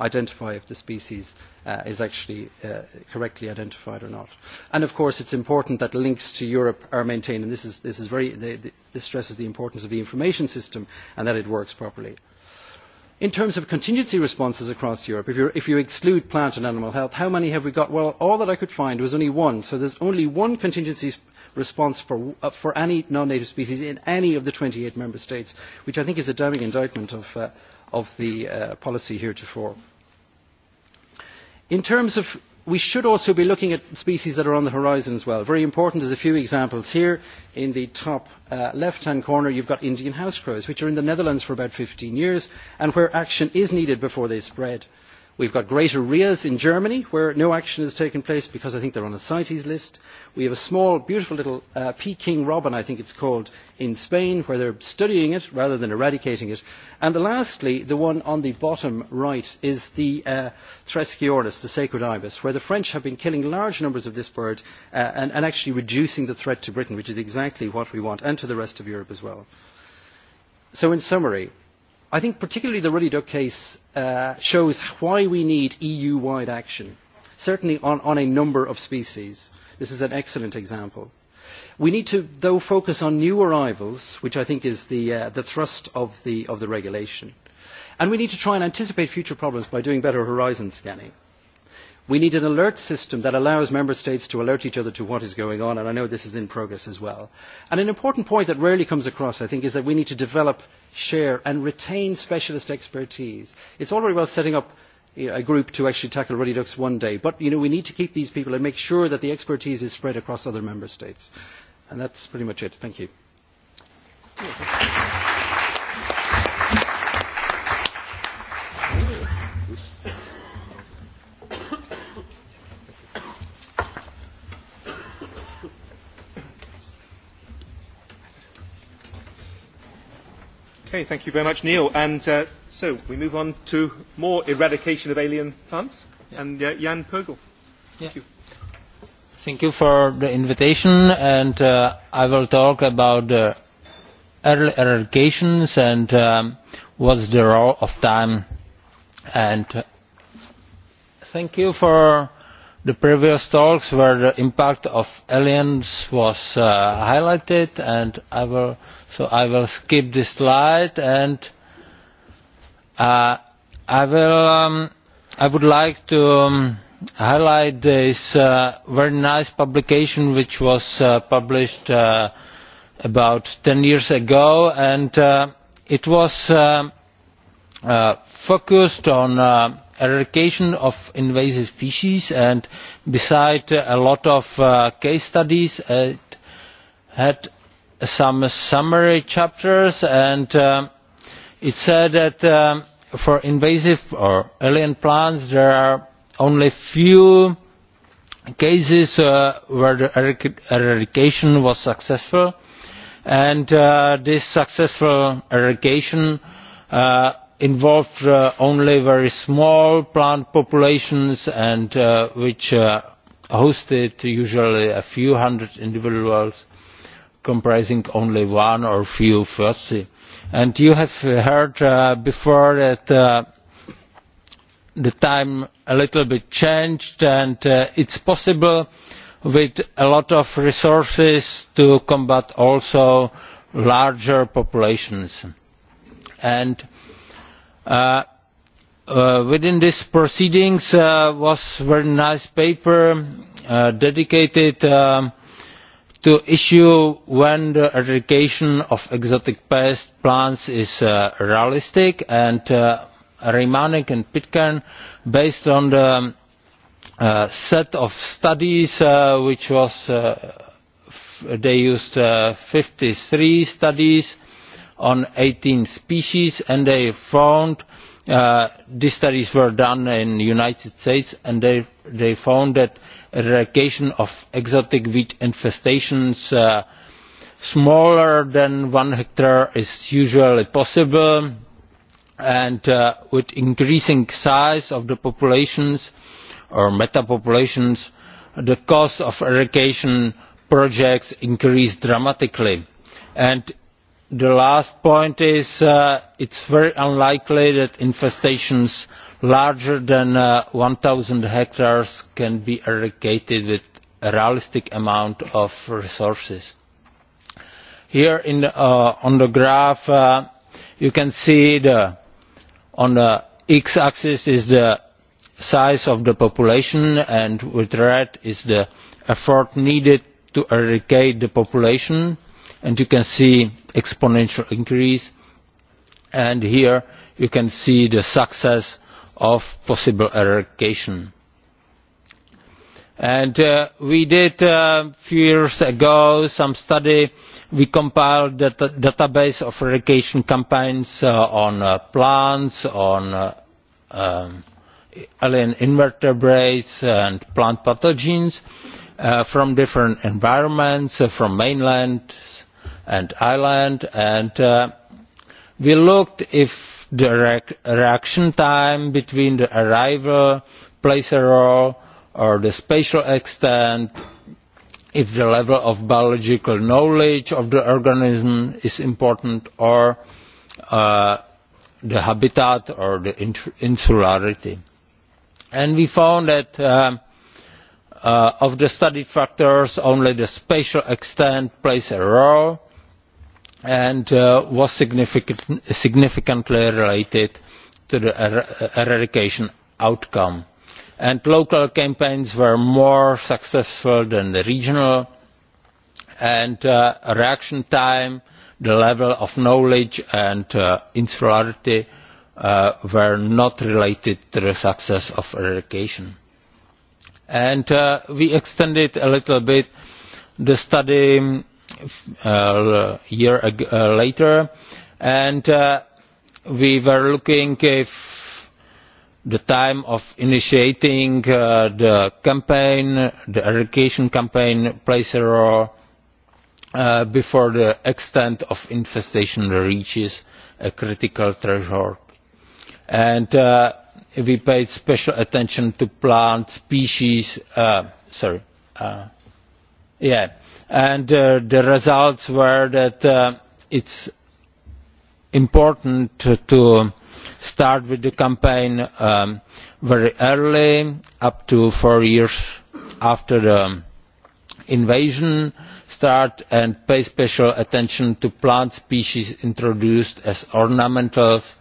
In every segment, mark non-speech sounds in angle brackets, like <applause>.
identify if the species uh, is actually uh, correctly identified or not. And of course it's important that links to Europe are maintained and this, is, this, is very, the, the, this stresses the importance of the information system and that it works properly. In terms of contingency responses across Europe, if, you're, if you exclude plant and animal health, how many have we got? Well, all that I could find was only one. So there's only one contingency response uh, for, any non-native species in any of the 28 member states, which I think is a damning indictment of, uh, of the uh, policy heretofore. In terms of we should also be looking at species that are on the horizon as well. Very important is a few examples here. In the top left-hand corner, you've got Indian house crows, which are in the Netherlands for about 15 years, and where action is needed before they spread we have got greater rias in germany where no action has taken place because i think they are on a cites list. we have a small beautiful little uh, peking robin i think it is called in spain where they are studying it rather than eradicating it. and lastly the one on the bottom right is the uh, Threskiornis, the sacred ibis where the french have been killing large numbers of this bird uh, and, and actually reducing the threat to britain which is exactly what we want and to the rest of europe as well. so in summary i think particularly the Ruddy Duck case uh, shows why we need EU-wide action, certainly on, on a number of species. This is an excellent example. We need to, though, focus on new arrivals, which I think is the, uh, the thrust of the, of the regulation. And we need to try and anticipate future problems by doing better horizon scanning we need an alert system that allows member states to alert each other to what is going on and i know this is in progress as well. And an important point that rarely comes across i think is that we need to develop share and retain specialist expertise. it is all very well setting up a group to actually tackle ruddy ducks one day but we need to keep these people and make sure that the expertise is spread across other member states. And that's pretty much it. Thank you. thank you very much, Neil. And uh, so we move on to more eradication of alien plants. Yeah. And uh, Jan Pogel. Thank yeah. you. Thank you for the invitation, and uh, I will talk about the early eradications and um, what's the role of time. And uh, thank you for the previous talks where the impact of aliens was uh, highlighted and I will, so I will skip this slide and uh, I will um, I would like to um, highlight this uh, very nice publication which was published about ten years ago and it was um, focused on eradication of invasive species and besides a lot of uh, case studies it had some summary chapters and uh it said that um, for invasive or alien plants there are only few cases uh, where the eradication was successful and uh, this successful eradication uh, involved uh, only very small plant populations and uh, which uh, hosted usually a few hundred individuals comprising only one or a few thirty. And you have heard before that the time a little bit changed and it is possible with a lot of resources to combat also larger populations. And Uh, uh, within these proceedings uh, was a very nice paper uh, dedicated um, to issue when the eradication of exotic pest plants is realistic and Reimanek and Pitcairn based on the um, set of studies which was they used fifty three studies on eighteen species and they found uh, these studies were done in the united states and they, they found that eradication of exotic wheat infestations uh, smaller than one hectare is usually possible and uh, with increasing size of the populations or metapopulations the cost of eradication projects increased dramatically and the last point is that uh, it is very unlikely that infestations larger than uh, one thousand hectares can be eradicated with a realistic amount of resources here uh, on the graph you can see the on the x axis is the size of the population and with red is the effort needed to eradicate the population and you can see exponential increase and here you can see the success of possible eradication. And uh, we did a uh, few years ago some study. We compiled the database of eradication campaigns uh, on plants, on um, alien invertebrates and plant pathogens from different environments, from mainland and Ireland and uh, we looked if the reaction time between the arrival plays a role or the spatial extent, if the level of biological knowledge of the organism is important or uh, the habitat or the insularity. And we found that uh, uh, of the studied factors only the spatial extent plays a role and uh, was significant, significantly related to the er, eradication outcome. And local campaigns were more successful than the regional and uh, reaction time, the level of knowledge and uh, insularity uh, were not related to the success of eradication. And we extended a little bit the study a uh, year uh, later and uh, we were looking if the time of initiating uh, the campaign, the eradication campaign plays a role uh, before the extent of infestation reaches a critical threshold. And uh, we paid special attention to plant species, uh, sorry, uh, yeah, and uh, the results were that it uh, it's important to, start with the campaign um, very early up to four years after the invasion start and pay special attention to plant species introduced as ornamentals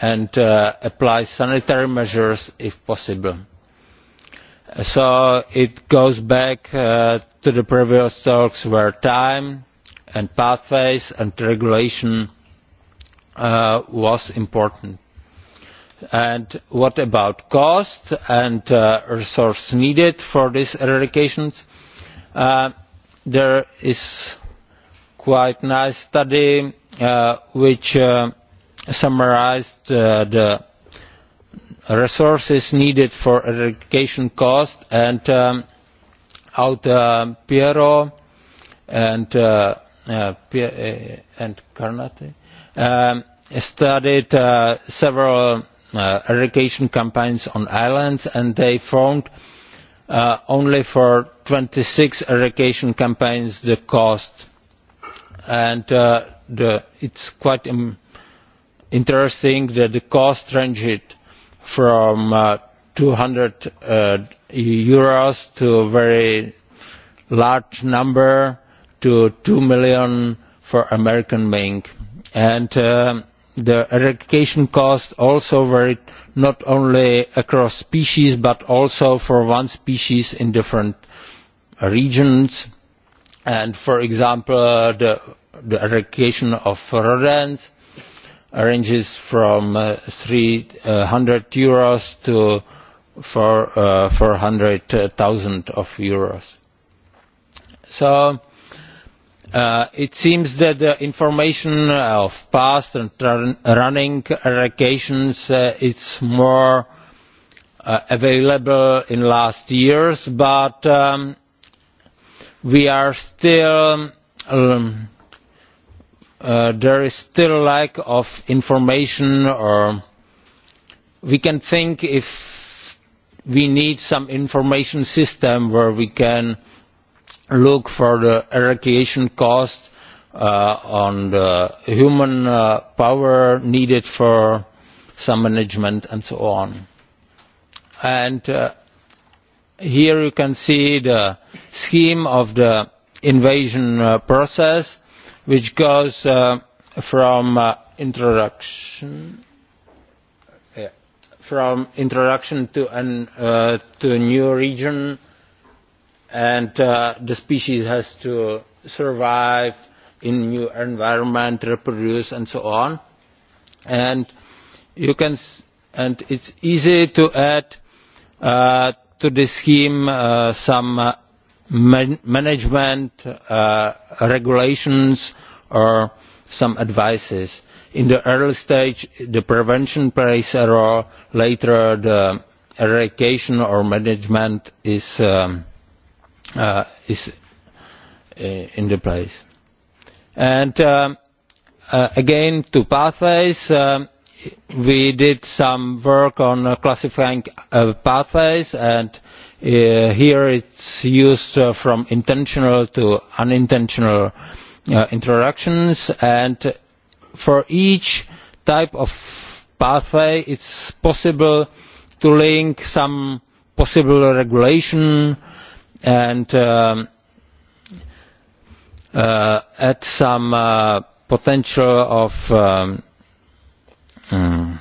and uh, apply sanitary measures if possible so it goes back uh, to the previous talks where time and pathways and regulation uh, was important. And what about cost and uh, resources needed for these eradications? Uh, there is quite nice study which summarised the resources needed for eradication costs and um, uh, Piero and Karnati uh, uh, um, studied several irrigation campaigns on islands and they found only for twenty six eradication campaigns the cost and it the, it's quite um, interesting that the cost ranged from uh, 200 uh, euros to a very large number to 2 million for American Bank. And uh, the eradication cost also varied not only across species but also for one species in different regions. And for example, the, the eradication of rodents ranges from uh, 300 uh, euros to uh 400,000 uh, of euros. So uh, it seems that the information of past and running allocations uh, is more uh, available in last years, but um, we are still um, Uh, there is still a lack of information or we can think if we need some information system where we can look for the eradication cost uh, on the human uh, power needed for some management and so on. And uh, here you can see the scheme of the invasion uh, process which goes uh, from uh, introduction from introduction to an uh, a new region and uh, the species has to survive in new environment reproduce and so on and you can and it's easy to add uh, to the scheme uh, some uh, management uh, regulations or some advices. in the early stage the prevention plays a role later the eradication or management is, um, uh, uh, in the place. and um, again to pathways um, we did some work on classifying pathways and Here uh, here it's used uh, from intentional to unintentional uh, interactions and for each type of pathway it's possible to link some possible regulation and um, add some potential of um, mm,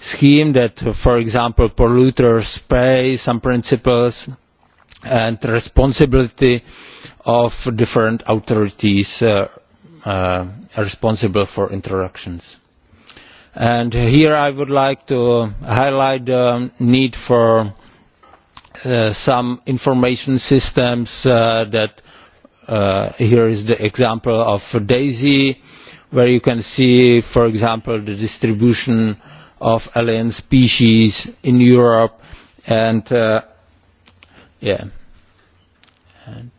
scheme that for example polluters pay some principles and the responsibility of different authorities uh, uh, responsible for interactions. And here I would like to highlight the need for uh, some information systems that here is the example of DAISY where you can see for example the distribution of alien species in Europe and uh, yeah and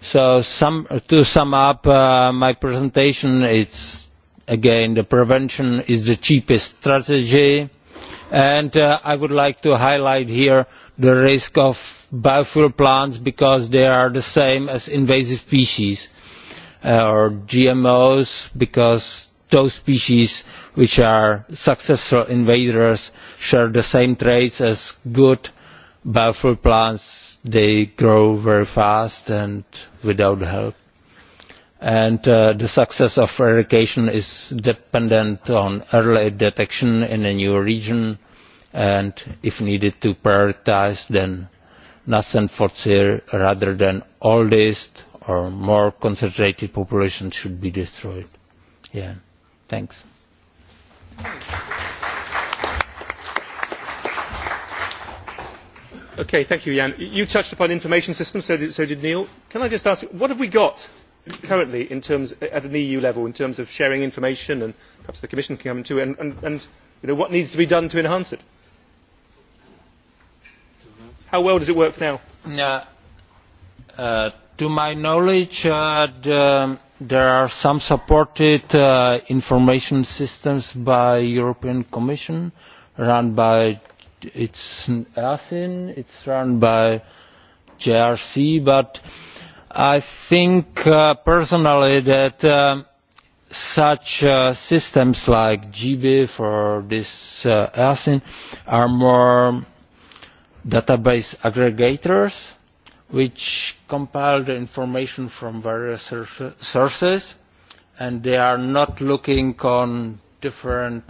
so some to sum up uh, my presentation it's again the prevention is the cheapest strategy and uh, I would like to highlight here the risk of biofuel plants because they are the same as invasive species uh, or GMOs because those species which are successful invaders share the same traits as good biofuel plants. They grow very fast and without help. And uh, the success of eradication is dependent on early detection in a new region and, if needed, to prioritise, then nascent fossil rather than oldest or more concentrated populations should be destroyed. Yeah. Thanks thank you, Jan. You touched upon information systems, so did, so did Neil. Can I just ask, what have we got currently at an EU level in terms of sharing information, and perhaps the Commission can come into too and, what needs to be done to enhance it? How well does it work now? Uh, to my knowledge, uh, the there are some supported uh, information systems by European Commission run by it's ASIN, it's run by JRC, but I think uh, personally that uh, such uh, systems like GBIF or this uh, ASIN are more database aggregators which compile the information from various sources and they are not looking on different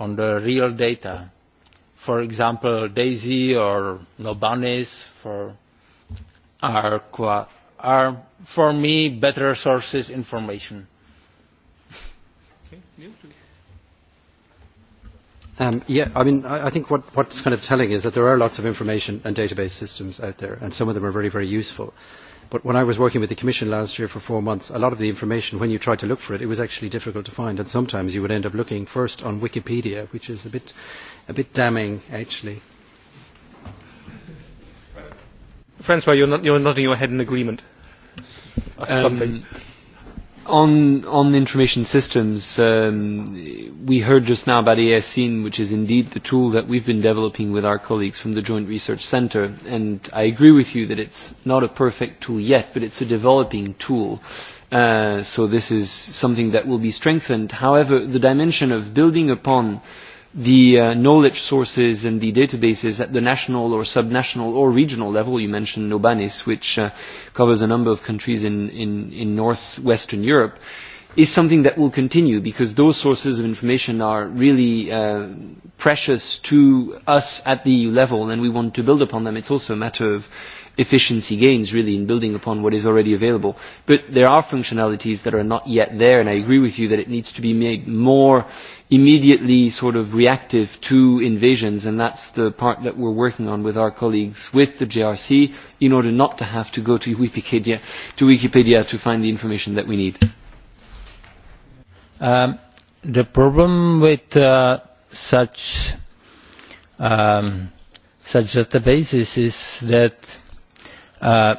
on the real data. For example, DAISY or Nobanis for are, are for me better sources information. Okay. Um, yeah, I mean, I, I think what, what's kind of telling is that there are lots of information and database systems out there, and some of them are very, very useful. But when I was working with the Commission last year for four months, a lot of the information, when you tried to look for it, it was actually difficult to find, and sometimes you would end up looking first on Wikipedia, which is a bit, a bit damning, actually. Francois, you're, not, you're nodding your head in agreement. Um, something on on information systems, um, we heard just now about ASIN, which is indeed the tool that we've been developing with our colleagues from the Joint Research Center. And I agree with you that it's not a perfect tool yet, but it's a developing tool. Uh, so this is something that will be strengthened. However, the dimension of building upon the uh, knowledge sources and the databases at the national or subnational or regional level. You mentioned Nobanis, which uh, covers a number of countries in, in, in northwestern Europe, is something that will continue because those sources of information are really uh, precious to us at the EU level and we want to build upon them. It's also a matter of efficiency gains really in building upon what is already available. But there are functionalities that are not yet there and I agree with you that it needs to be made more immediately sort of reactive to invasions and that's the part that we're working on with our colleagues with the JRC in order not to have to go to Wikipedia to, Wikipedia to find the information that we need. Um, the problem with uh, such um, such databases is that Uh,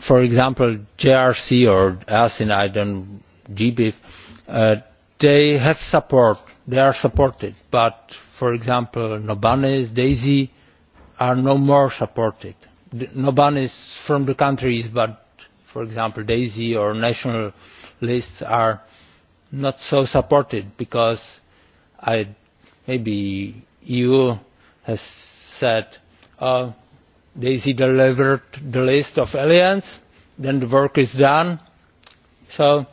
for example, JRC or ASIN, I don't, GBIF, uh, they have support, they are supported, but for example, Nobanes, Daisy are no more supported. Nobanes from the countries, but for example, Daisy or national lists are not so supported because I, maybe EU has said, uh, they delivered the list of aliens then the work is done so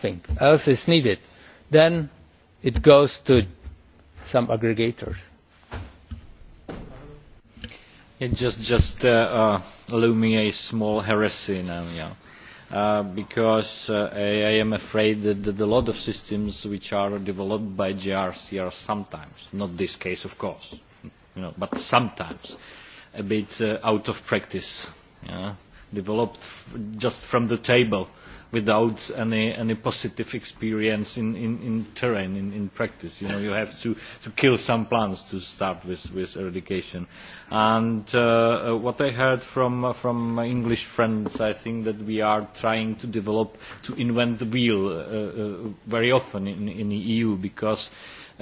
think else is needed. then it goes to some aggregators. It just just uh, uh, a small heresy now. Yeah. Uh, because uh, I, I am afraid that, that a lot of systems which are developed by GRC are sometimes, not this case of course, you know, but sometimes a bit uh, out of practice, yeah? developed f just from the table without any, any positive experience in, in, in terrain, in, in practice. You know, you have to, to kill some plants to start with, with eradication. And uh, uh, what I heard from, uh, from my English friends, I think that we are trying to develop, to invent the wheel uh, uh very often in, in the EU because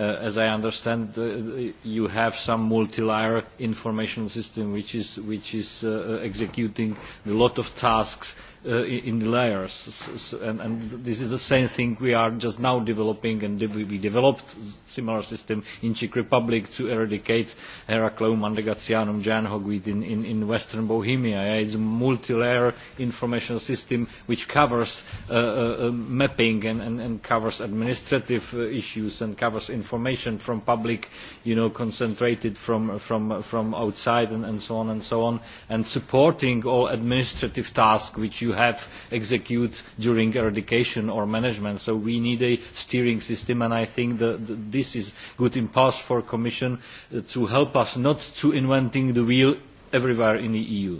Uh, as I understand, uh, you have some multi-layer information system which is, which is uh, executing a lot of tasks uh, in layers. and, this is the same thing we are just now developing and we developed a similar system in Czech Republic to eradicate Heracleum andegatianum Jan in, in, in western Bohemia. it's a multi-layer information system which covers uh, uh, um, mapping and, and, covers administrative uh, issues and covers information from public, you know, concentrated from, from, outside and, and so on and so on and supporting all administrative tasks which you you have execute during eradication or management. So we need a steering system and I think that this is good impulse for Commission uh, to help us not to inventing the wheel everywhere in the EU.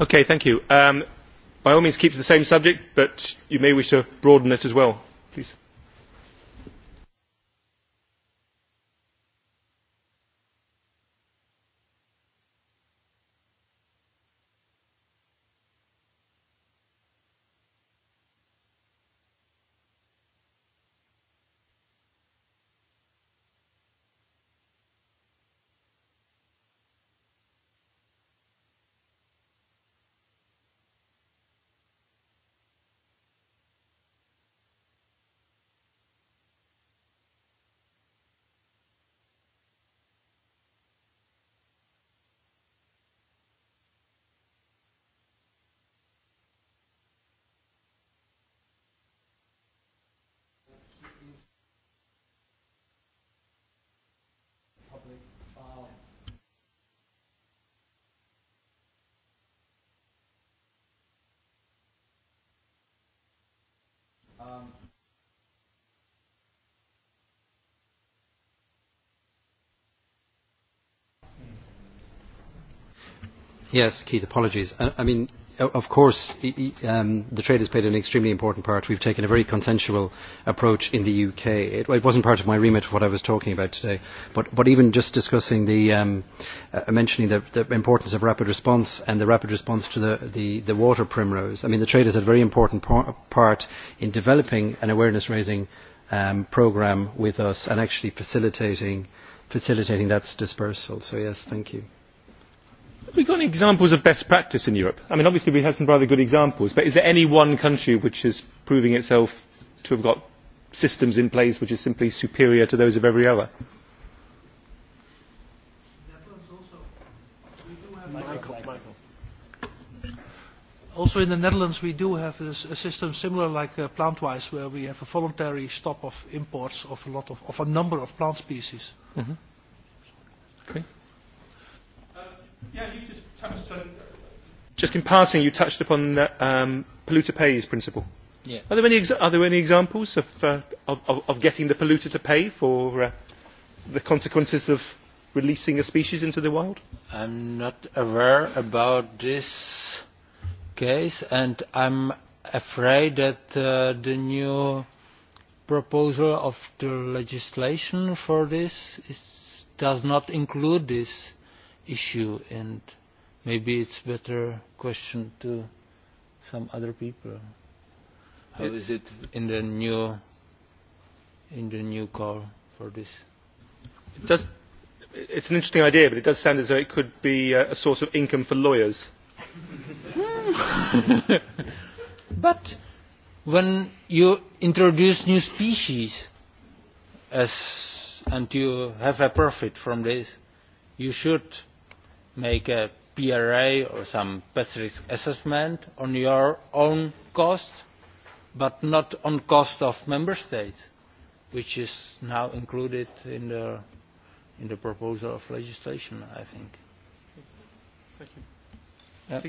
Okay, thank you. Um, by all means keep to the same subject, but you may wish to broaden it as well. Yes, Keith, apologies. Uh, I, mean, of course, e, e, um, the trade has played an extremely important part. We've taken a very consensual approach in the UK. It, wasn't part of my remit of what I was talking about today. But, but even just discussing the, um, uh, mentioning the, the importance of rapid response and the rapid response to the, the, the water primrose, I mean, the trade has had a very important part in developing an awareness-raising um, programme with us and actually facilitating, facilitating that dispersal. So, yes, thank you. We've we got any examples of best practice in Europe? I mean, obviously we have some rather good examples, but is there any one country which is proving itself to have got systems in place which is simply superior to those of every other? also in the Netherlands we do have a, a system similar like uh, Plantwise where we have a voluntary stop of imports of a lot of, of a number of plant species. okay. Mm-hmm just in passing, you touched upon the um, polluter pays principle. Yeah. Are there any are there any examples of, uh, of, of getting the polluter to pay for uh, the consequences of releasing a species into the wild? I'm not aware about this case, and I'm afraid that uh, the new proposal of the legislation for this is, does not include this issue and maybe it's better question to some other people. How is it in the new in the new call for this? It does, it's an interesting idea, but it does sound as though it could be a, a source of income for lawyers. Hmm. <laughs> but when you introduce new species as, and you have a profit from this, you should make a pra or some best risk assessment on your own cost but not on the cost of member states which is now included in the, in the proposal of legislation i think. Thank you. Yeah.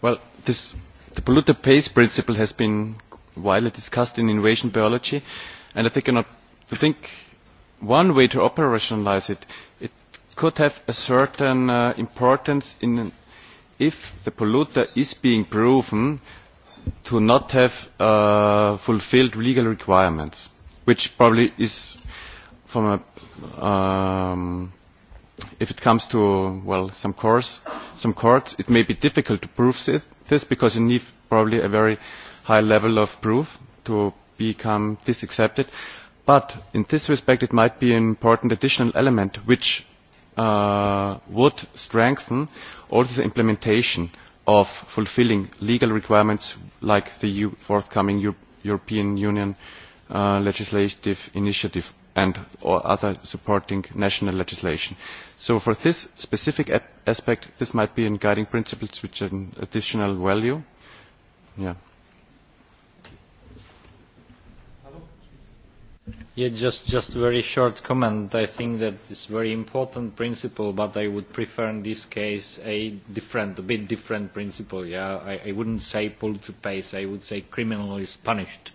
well this, the polluter pays principle has been widely discussed in innovation biology and i think, I think one way to operationalise it it could have a certain uh, importance in if the polluter is being proven to not have uh, fulfilled legal requirements which probably is from a um, if it comes to well some courts some courts it may be difficult to prove this because you need probably a very high level of proof to become this accepted but in this respect it might be an important additional element which uh, would strengthen also the implementation of fulfilling legal requirements like the EU forthcoming European Union uh, legislative initiative and other supporting national legislation. So for this specific aspect, this might be in guiding principles which are an additional value. Yeah. Yeah, just just a very short comment. I think that is a very important principle, but I would prefer in this case a different, a bit different principle. I, I wouldn't say pull to pace. I would say criminal is punished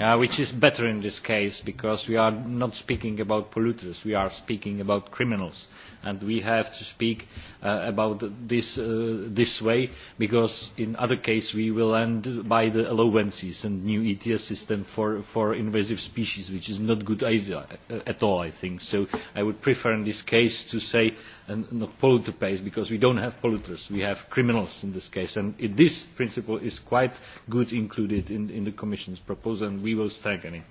Uh, which is better in this case because we are not speaking about polluters we are speaking about criminals and we have to speak uh, about this uh, this way because in other case we will end by the allowances and new ETS system for, for invasive species which is not good idea uh, at all I think so I would prefer in this case to say and not polluter pays because we don't have polluters we have criminals in this case and this principle is quite good included in, the commission's proposal and we will strengthen it.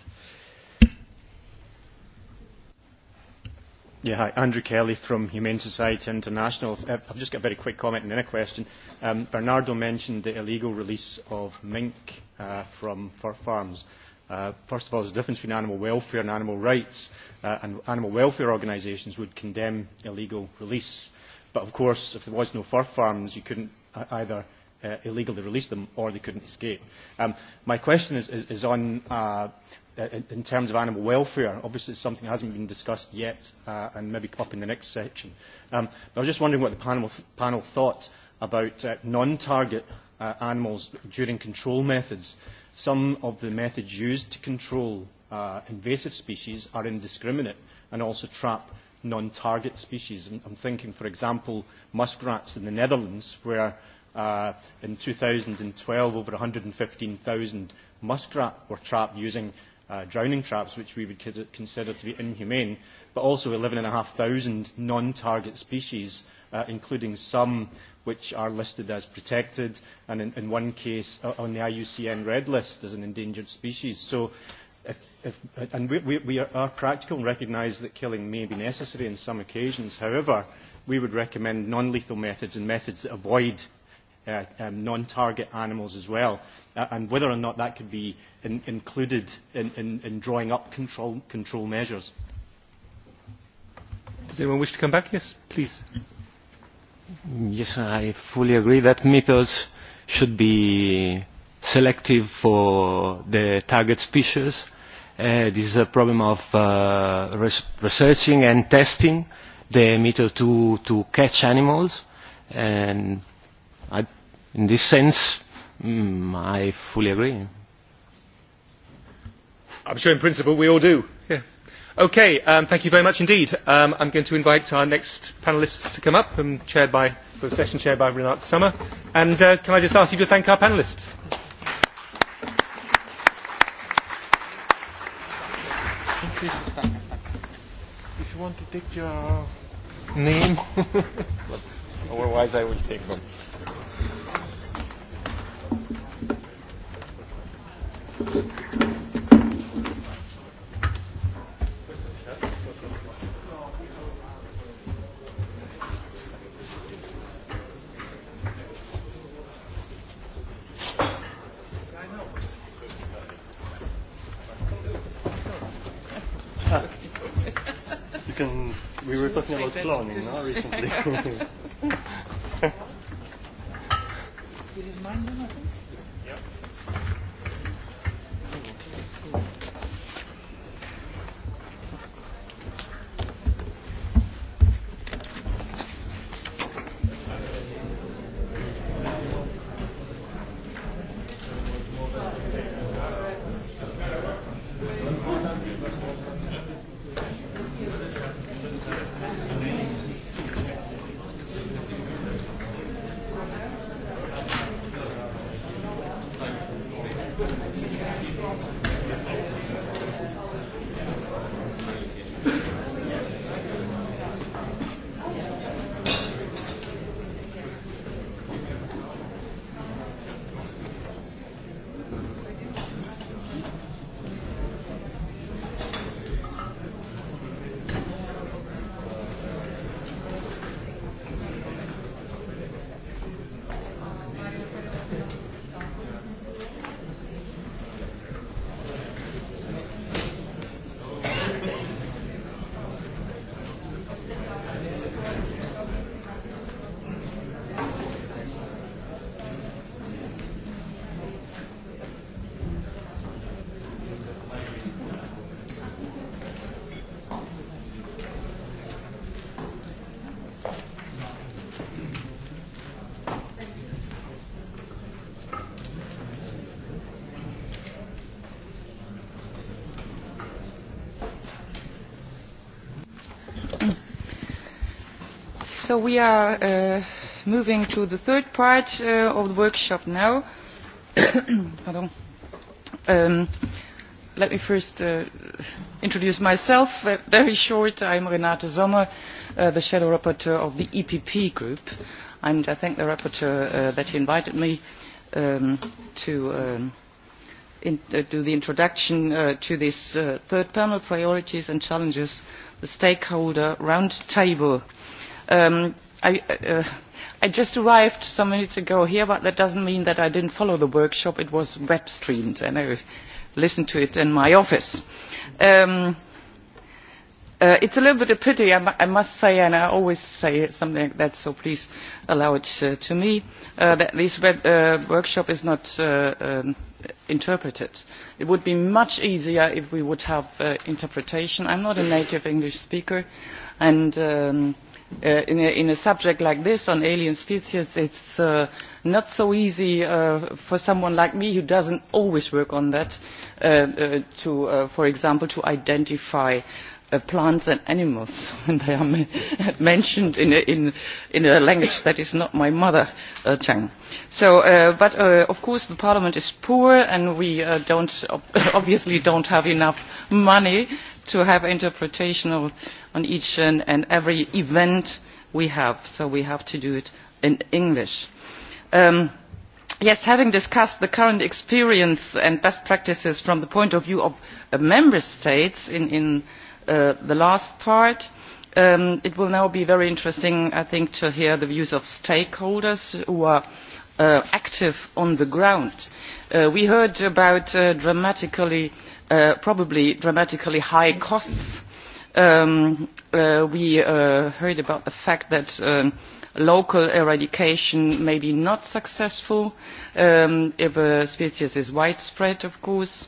Yeah, hi, Andrew Kelly from Humane Society International. Uh, I've just got a very quick comment and then a question. Um, Bernardo mentioned the illegal release of mink uh, from, fur farms. Uh, first of all there is a difference between animal welfare and animal rights uh, and animal welfare organisations would condemn illegal release but of course if there was no fur farms you could not e-, either uh, illegally release them or they could not escape. Um, my question is, on in terms of animal welfare obviously it is something that has not been discussed yet and maybe up in the next section. Um, i was just wondering what the panel thought about non target animals during control methods. Some of the methods used to control uh, invasive species are indiscriminate and also trap non-target species. I'm thinking, for example, muskrats in the Netherlands, where uh, in 2012 over 115,000 muskrat were trapped using uh, drowning traps, which we would consider to be inhumane, but also 11,500 non-target species, uh, including some which are listed as protected and in, in one case uh, on the IUCN red list as an endangered species. So if, if, and we, we, we are practical and recognise that killing may be necessary in some occasions. However, we would recommend non-lethal methods and methods that avoid uh, um, non-target animals as well. Uh, and whether or not that could be in, included in, in, in drawing up control, control measures. Does anyone wish to come back? Yes, please. Yes, I fully agree that methods should be selective for the target species. Uh, this is a problem of uh, res researching and testing the method to, to catch animals. And I, in this sense, mm, I fully agree. I'm sure in principle we all do. Yeah. Okay, um, thank you very much indeed. Um, I'm going to invite our next panelists to come up, and chaired by, the session chaired by Renate Summer. And uh, can I just ask you to thank our panelists? If you want to take your name, <laughs> otherwise I will take them. so we are uh, moving to the third part uh, of the workshop now. <coughs> Pardon. Um, let me first uh, introduce myself. Uh, very short, I'm Renate Sommer, uh, the shadow rapporteur of the EPP group, and I thank the rapporteur uh, that he invited me um, to um, in, uh, do the introduction uh, to this uh, third panel, Priorities and Challenges, the Stakeholder Roundtable. Um, I, uh, i just arrived some minutes ago here, but that doesn't mean that I didn't follow the workshop. It was web streamed and I listened to it in my office. Um, uh, it's a little bit of pity, I, must say, and I always say something like that, so please allow it uh, to me, that this web, workshop is not um, interpreted. It would be much easier if we would have uh, interpretation. I'm not a native English speaker, and um, Uh, in, a, in a subject like this on alien species it's is uh, not so easy uh, for someone like me who doesn't always work on that to for example to identify plants and animals when <laughs> they are <laughs> mentioned in a, in, a language that is not my mother tongue. So, but of course the parliament is poor and we uh, don't, <laughs> obviously don't have enough money to have interpretation on each and every event we have so we have to do it in english. Um, yes having discussed the current experience and best practices from the point of view of member states in, uh, the last part um, it will now be very interesting i think to hear the views of stakeholders who are uh, active on the ground. Uh, we heard about dramatically Uh, probably dramatically high costs. Um, uh, we uh, heard about the fact that local eradication may be not successful um, if a species is widespread, of course.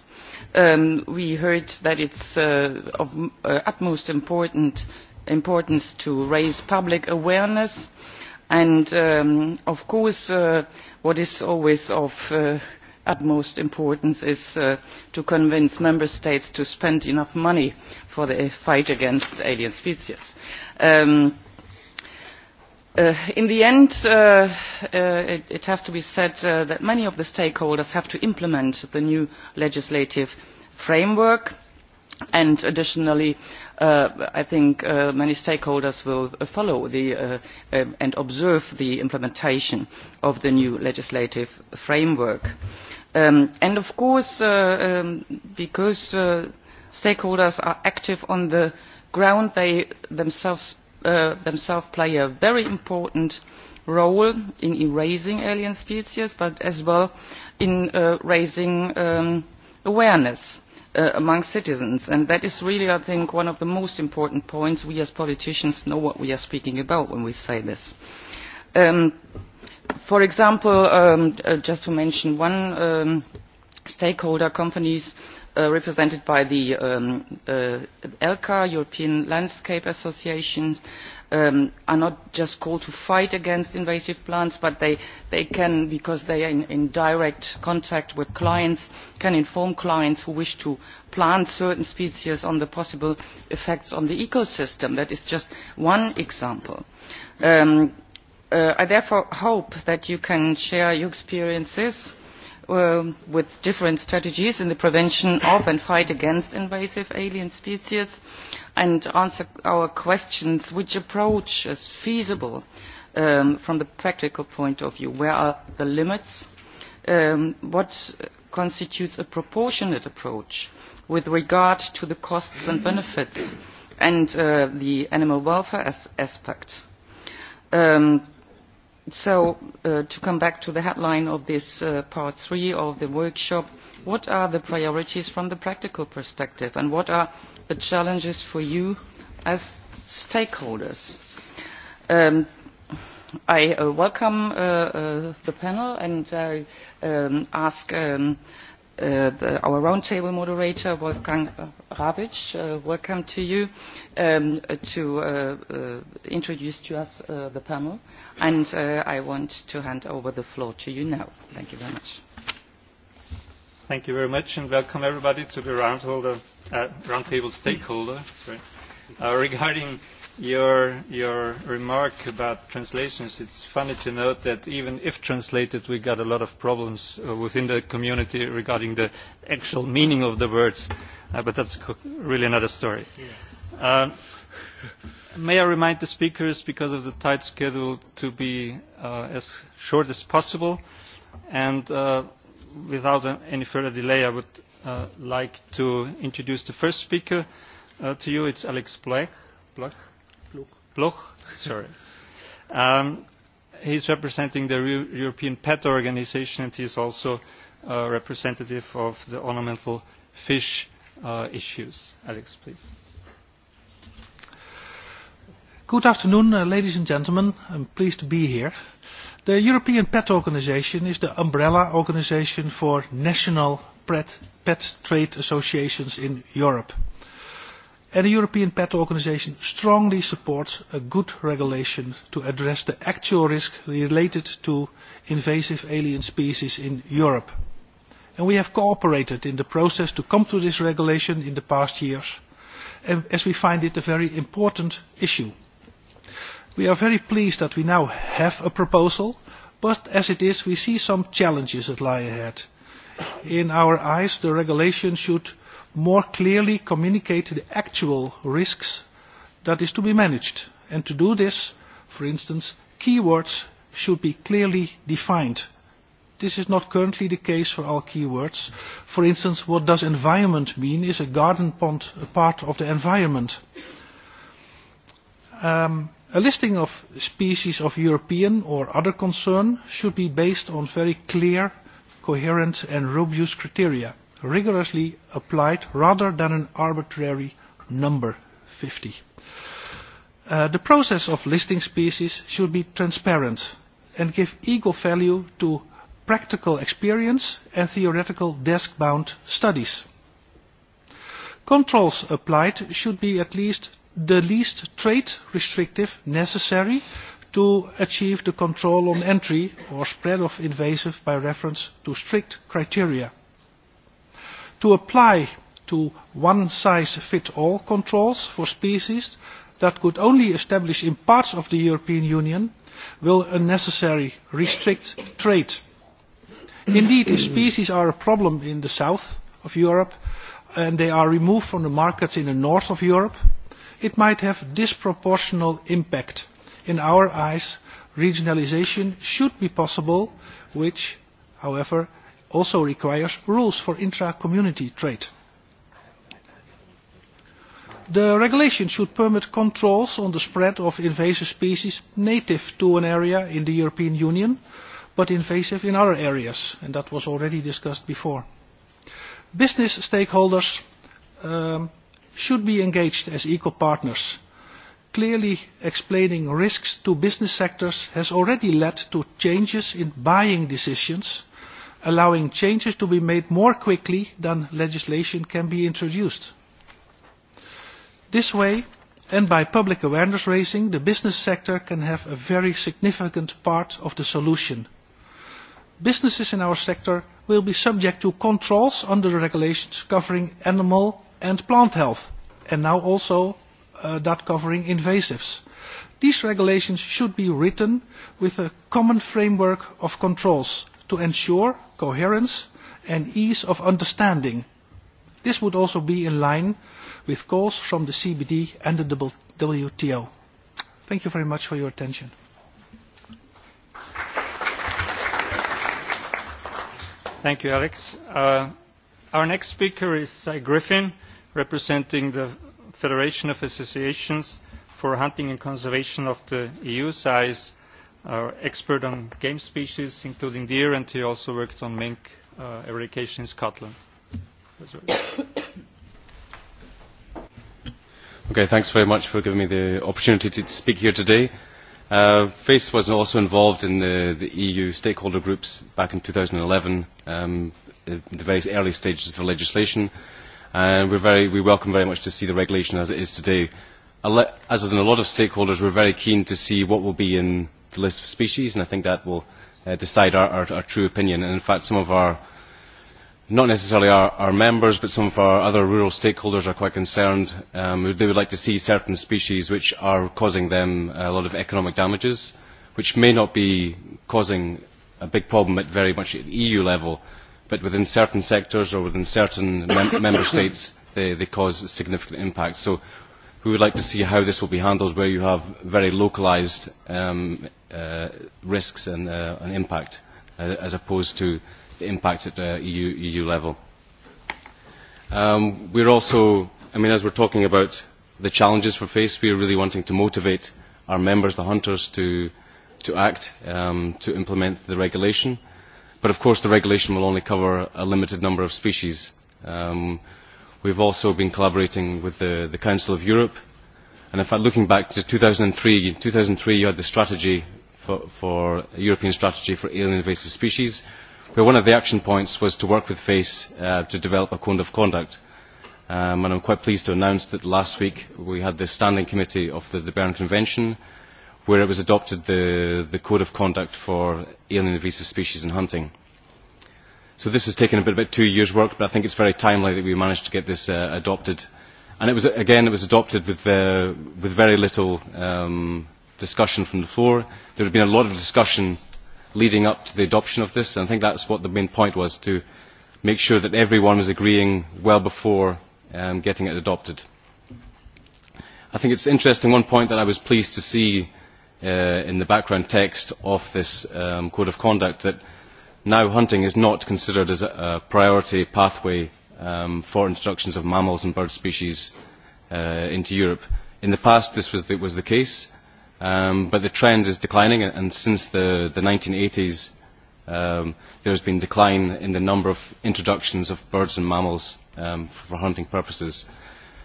Um, we heard that it's uh, of utmost important, importance to raise public awareness and, um, of course, what is always of utmost importance is uh, to convince member states to spend enough money for the fight against alien species. Um, uh, in the end uh, it, has to be said that many of the stakeholders have to implement the new legislative framework and additionally i think many stakeholders will follow and observe the implementation of the new legislative framework and um, of course, uh, um, because uh, stakeholders are active on the ground, they themselves, uh, themselves play a very important role in erasing alien species, but as well in raising um, awareness among citizens. And that is really, I think, one of the most important points. We as politicians know what we are speaking about when we say this for example um, uh, just to mention one um, stakeholder companies uh, represented by the um, uh, elca european landscape associations are not just called to fight against invasive plants but they, can because they are in direct contact with clients can inform clients who wish to plant certain species on the possible effects on the ecosystem. that is just one example. Uh, I therefore hope that you can share your experiences uh, with different strategies in the prevention of and fight against invasive alien species and answer our questions which approach is feasible um, from the practical point of view. Where are the limits? Um, what constitutes a proportionate approach with regard to the costs and benefits and uh, the animal welfare aspect? Um, so uh, to come back to the headline of this uh, part three of the workshop what are the priorities from the practical perspective and what are the challenges for you as stakeholders? Um, i uh, welcome uh, uh, the panel and i uh, um, ask um, the, uh, our roundtable moderator, Wolfgang Rabic. Uh, welcome to you um, to uh, uh introduce to us uh, the panel. And I want to hand over the floor to you now. Thank you very much. Thank you very much, and welcome everybody to the roundtable round stakeholder sorry, regarding your your remark about translations it's funny to note that even if translated we got a lot of problems uh, within the community regarding the actual meaning of the words uh, but that's really another story uh, may i remind the speakers because of the tight schedule to be uh, as short as possible and without any further delay i would like to introduce the first speaker to you it's alex black Bloch, <laughs> sorry. Um, he's representing the Re European Pet Organization and he's also uh, representative of the ornamental fish uh, issues. Alex, please. Good afternoon, uh, ladies and gentlemen. I'm pleased to be here. The European Pet Organization is the umbrella organization for national pet, pet trade associations in Europe and the european pet organisation strongly supports a good regulation to address the actual risk related to invasive alien species in europe and we have cooperated in the process to come to this regulation in the past years as we find it a very important issue. we are very pleased that we now have a proposal but as it is we see some challenges that lie ahead. in our eyes the regulation should more clearly communicate the actual risks that is to be managed. And to do this, for instance, keywords should be clearly defined. This is not currently the case for all keywords. For instance, what does environment mean? Is a garden pond a part of the environment? Um, a listing of species of European or other concern should be based on very clear, coherent and robust criteria rigorously applied rather than an arbitrary number 50. Uh, the process of listing species should be transparent and give equal value to practical experience and theoretical desk-bound studies. Controls applied should be at least the least trade restrictive necessary to achieve the control on entry or spread of invasive by reference to strict criteria to apply to one size fits all controls for species that could only establish in parts of the European Union will unnecessarily restrict trade. Indeed, if species are a problem in the south of Europe and they are removed from the markets in the north of Europe, it might have disproportional impact. In our eyes, regionalisation should be possible, which, however, also requires rules for intra community trade. The regulation should permit controls on the spread of invasive species native to an area in the European Union, but invasive in other areas, and that was already discussed before. Business stakeholders um, should be engaged as equal partners. Clearly explaining risks to business sectors has already led to changes in buying decisions allowing changes to be made more quickly than legislation can be introduced. This way, and by public awareness raising, the business sector can have a very significant part of the solution. Businesses in our sector will be subject to controls under the regulations covering animal and plant health, and now also uh, that covering invasives. These regulations should be written with a common framework of controls to ensure coherence and ease of understanding. This would also be in line with calls from the CBD and the WTO. Thank you very much for your attention. Thank you, Alex. Uh, our next speaker is Cy Griffin, representing the Federation of Associations for Hunting and Conservation of the EU. size our expert on game species, including deer, and he also worked on mink uh, eradication in Scotland. Okay, thanks very much for giving me the opportunity to speak here today. Uh, FACE was also involved in the, the EU stakeholder groups back in 2011, um, in the very early stages of the legislation, and we're very, we welcome very much to see the regulation as it is today. As in a lot of stakeholders, we're very keen to see what will be in the list of species, and I think that will uh, decide our, our, our true opinion. And in fact, some of our, not necessarily our, our members, but some of our other rural stakeholders are quite concerned. Um, they would like to see certain species which are causing them a lot of economic damages, which may not be causing a big problem at very much at EU level, but within certain sectors or within certain mem member <coughs> states, they, they cause significant impact. So we would like to see how this will be handled where you have very localised um, uh, risks and, uh, and impact uh, as opposed to the impact at the EU, EU level. Um, we're also, I mean, as we're talking about the challenges we face, we are really wanting to motivate our members, the hunters, to, to act, um, to implement the regulation. But of course the regulation will only cover a limited number of species. Um, we have also been collaborating with the, the council of europe and in fact looking back to 2003 2003 you had the strategy for, for european strategy for alien invasive species where one of the action points was to work with face uh, to develop a code of conduct um, and i'm quite pleased to announce that last week we had the standing committee of the, the convention where it was adopted the, the code of conduct for alien invasive species and hunting So this has taken a bit about two years' work, but I think it's very timely that we managed to get this uh, adopted. And it was, uh, again, it was adopted with, uh, with very little um, discussion from the floor. There had been a lot of discussion leading up to the adoption of this, and I think that's what the main point was, to make sure that everyone was agreeing well before um, getting it adopted. I think it's interesting, one point that I was pleased to see in the background text of this um, code of conduct, that now hunting is not considered as a priority pathway um, for introductions of mammals and bird species uh, into Europe. In the past this was the, was the case, um, but the trend is declining and since the, the 1980s um, has been decline in the number of introductions of birds and mammals um, for hunting purposes.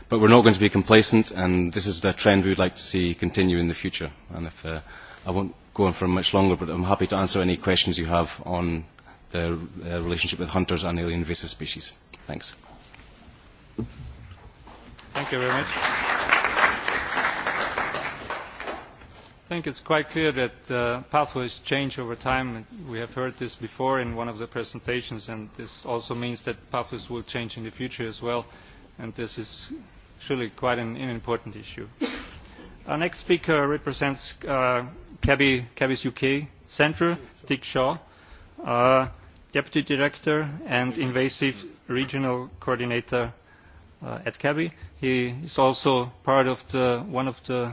But we're not going to be complacent and this is the trend we would like to see continue in the future. And if, uh, I won't go on for much longer, but I'm happy to answer any questions you have on their uh, relationship with hunters and alien invasive species. Thanks. Thank you very much. I think it's quite clear that uh, pathways change over time. We have heard this before in one of the presentations, and this also means that pathways will change in the future as well. And this is surely quite an, an important issue. Our next speaker represents uh, Cabby's UK Centre, Dick Shaw. Uh, deputy director and invasive regional coordinator uh, at CABI. He is also part of the, one of the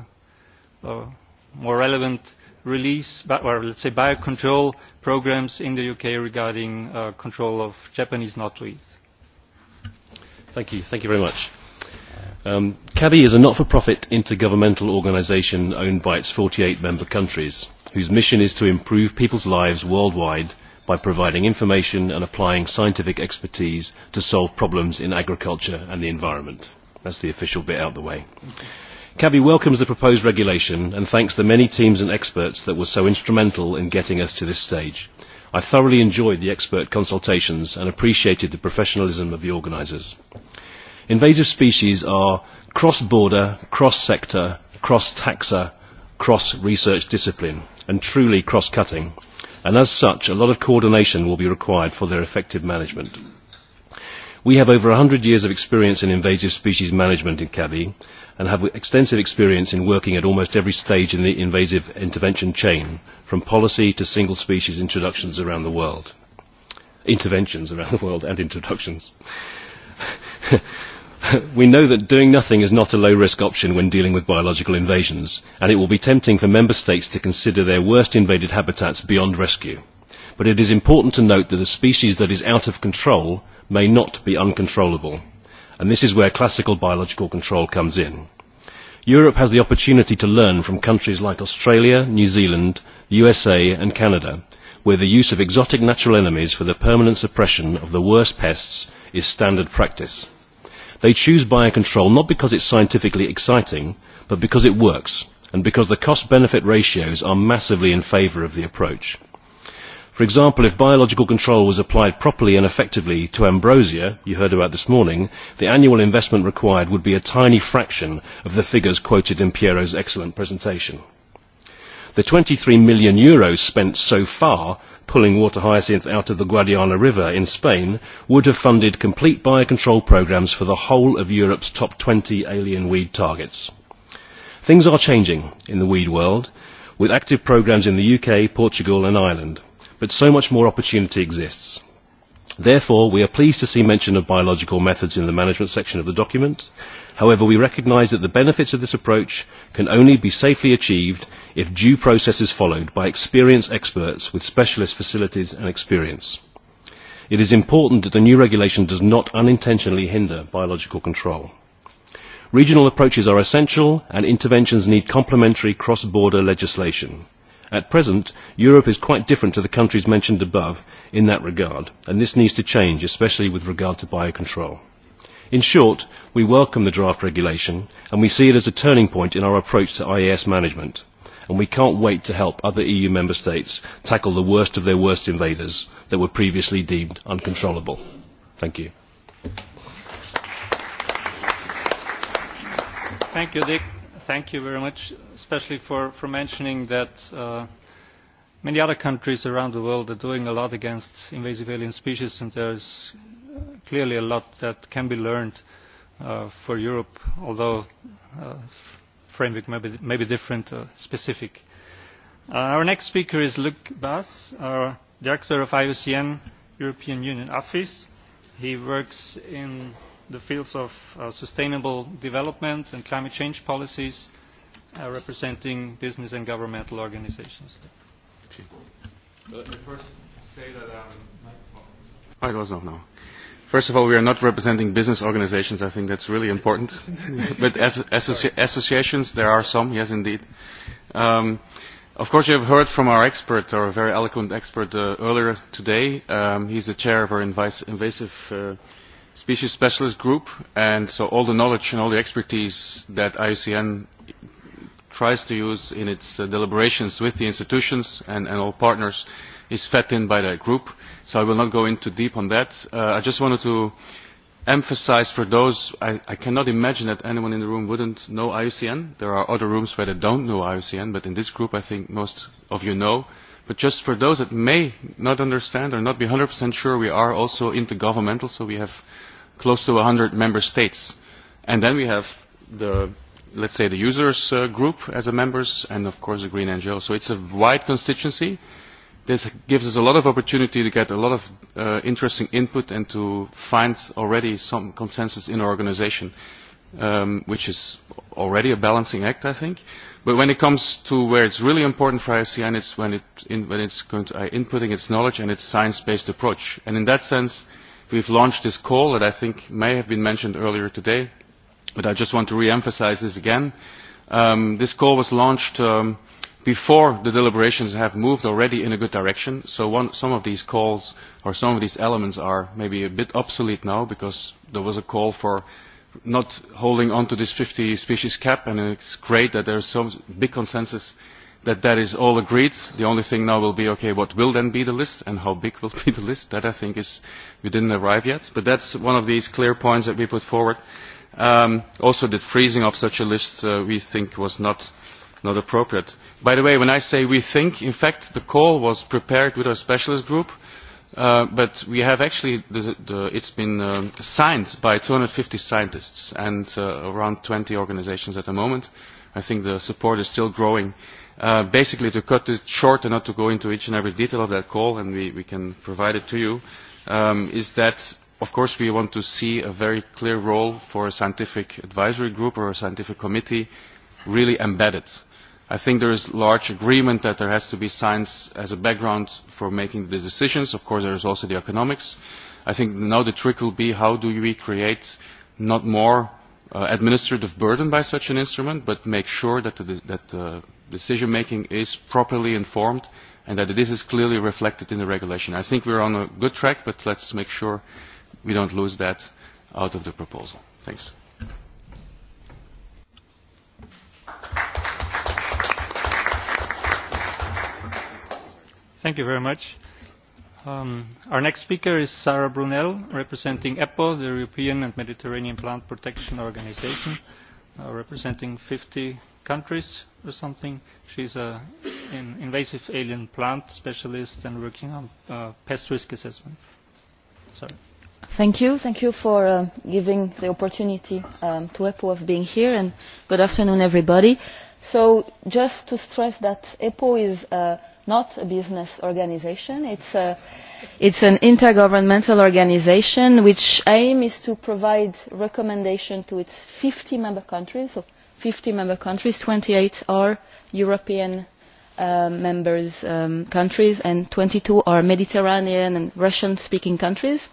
uh, more relevant release, or let's say biocontrol programmes in the UK regarding uh, control of Japanese knotweed. Thank you. Thank you very much. CABI um, is a not-for-profit intergovernmental organisation owned by its 48 member countries, whose mission is to improve people's lives worldwide by providing information and applying scientific expertise to solve problems in agriculture and the environment. That's the official bit out of the way. CABI welcomes the proposed regulation and thanks the many teams and experts that were so instrumental in getting us to this stage. I thoroughly enjoyed the expert consultations and appreciated the professionalism of the organisers. Invasive species are cross-border, cross-sector, cross-taxa, cross-research discipline and truly cross-cutting and as such a lot of coordination will be required for their effective management. We have over 100 years of experience in invasive species management in CABI and have extensive experience in working at almost every stage in the invasive intervention chain, from policy to single species introductions around the world. Interventions around the world and introductions. <laughs> <laughs> we know that doing nothing is not a low risk option when dealing with biological invasions and it will be tempting for member states to consider their worst invaded habitats beyond rescue but it is important to note that a species that is out of control may not be uncontrollable and this is where classical biological control comes in. europe has the opportunity to learn from countries like australia new zealand the usa and canada where the use of exotic natural enemies for the permanent suppression of the worst pests is standard practice. They choose biocontrol not because it's scientifically exciting, but because it works and because the cost benefit ratios are massively in favour of the approach. For example, if biological control was applied properly and effectively to ambrosia you heard about this morning, the annual investment required would be a tiny fraction of the figures quoted in Piero's excellent presentation. The 23 million euros spent so far pulling water hyacinth out of the Guadiana River in Spain would have funded complete biocontrol programmes for the whole of Europe's top 20 alien weed targets. Things are changing in the weed world, with active programmes in the UK, Portugal and Ireland, but so much more opportunity exists therefore we are pleased to see mention of biological methods in the management section of the document. however we recognise that the benefits of this approach can only be safely achieved if due process is followed by experienced experts with specialist facilities and experience. it is important that the new regulation does not unintentionally hinder biological control. regional approaches are essential and interventions need complementary cross border legislation at present europe is quite different to the countries mentioned above in that regard and this needs to change especially with regard to biocontrol. in short we welcome the draft regulation and we see it as a turning point in our approach to ias management and we can't wait to help other eu member states tackle the worst of their worst invaders that were previously deemed uncontrollable. thank you thank you very much, especially for, for mentioning that uh, many other countries around the world are doing a lot against invasive alien species, and there is uh, clearly a lot that can be learned uh, for Europe, although the framework may be, different, uh, specific. our next speaker is Luc Bass, our Director of IOCN European Union Office. He works in the fields of uh, sustainable development and climate change policies uh, representing business and governmental organizations. Let me first say that First of all, we are not representing business organizations. I think that's really important. <laughs> but as, associ associations, there are some, yes, indeed. Um, of course, you have heard from our expert, our very eloquent expert, uh, earlier today. Um, he's the chair of our invasive uh, species specialist group and so all the knowledge and all the expertise that IUCN tries to use in its uh, deliberations with the institutions and, and all partners is fed in by that group. So I will not go into deep on that. Uh, I just wanted to emphasize for those, I, I cannot imagine that anyone in the room wouldn't know IUCN. There are other rooms where they don't know IUCN, but in this group I think most of you know But just for those that may not understand or not be 100% sure, we are also intergovernmental, so we have close to 100 member states. And then we have the, let's say, the users uh, group as a members, and of course the Green NGO. So it's a wide constituency. This gives us a lot of opportunity to get a lot of uh, interesting input and to find already some consensus in our organization um, which is already a balancing act, I think. But when it comes to where it's really important for ICN, e it's when, it in, when it's going to, uh, inputting its knowledge and its science-based approach. And in that sense, we've launched this call that I think may have been mentioned earlier today, but I just want to re-emphasize this again. Um, this call was launched um, before the deliberations have moved already in a good direction, so one, some of these calls or some of these elements are maybe a bit obsolete now because there was a call for not holding on to this 50 species cap and it's great that there is so big consensus that that is all agreed. The only thing now will be, okay, what will then be the list and how big will <laughs> be the list? That I think is, we didn't arrive yet. But that's one of these clear points that we put forward. Um, also the freezing of such a list uh, we think was not, not appropriate. By the way, when I say we think, in fact the call was prepared with our specialist group Uh, but we have actually it has it's been um, signed by 250 scientists and uh, around 20 organizations at the moment. I think the support is still growing. Uh, basically, to cut it short and not to go into each and every detail of that call, and we, we can provide it to you, um, is that, of course, we want to see a very clear role for a scientific advisory group or a scientific committee really embedded i think there is large agreement that there has to be science as a background for making the decisions. Of course, there is also the economics. I think now the trick will be how do we create not more uh, administrative burden by such an instrument, but make sure that the, that the uh, decision making is properly informed and that this is clearly reflected in the regulation. I think we're on a good track, but let's make sure we don't lose that out of the proposal. Thanks. Thank you very much. Um, our next speaker is Sara Brunel, representing EPO, the European and Mediterranean Plant Protection Organisation, uh, representing 50 countries or something. She is an invasive alien plant specialist and working on uh, pest risk assessment. Sorry. Thank you. Thank you for uh, giving the opportunity um, to EPO of being here, and good afternoon, everybody. So just to stress that EPO is... Uh, not a business organisation it's a it's an intergovernmental organisation which aim is to provide recommendation to its 50 member countries so 50 member countries 28 are european uh, members um, countries and 22 are mediterranean and russian speaking countries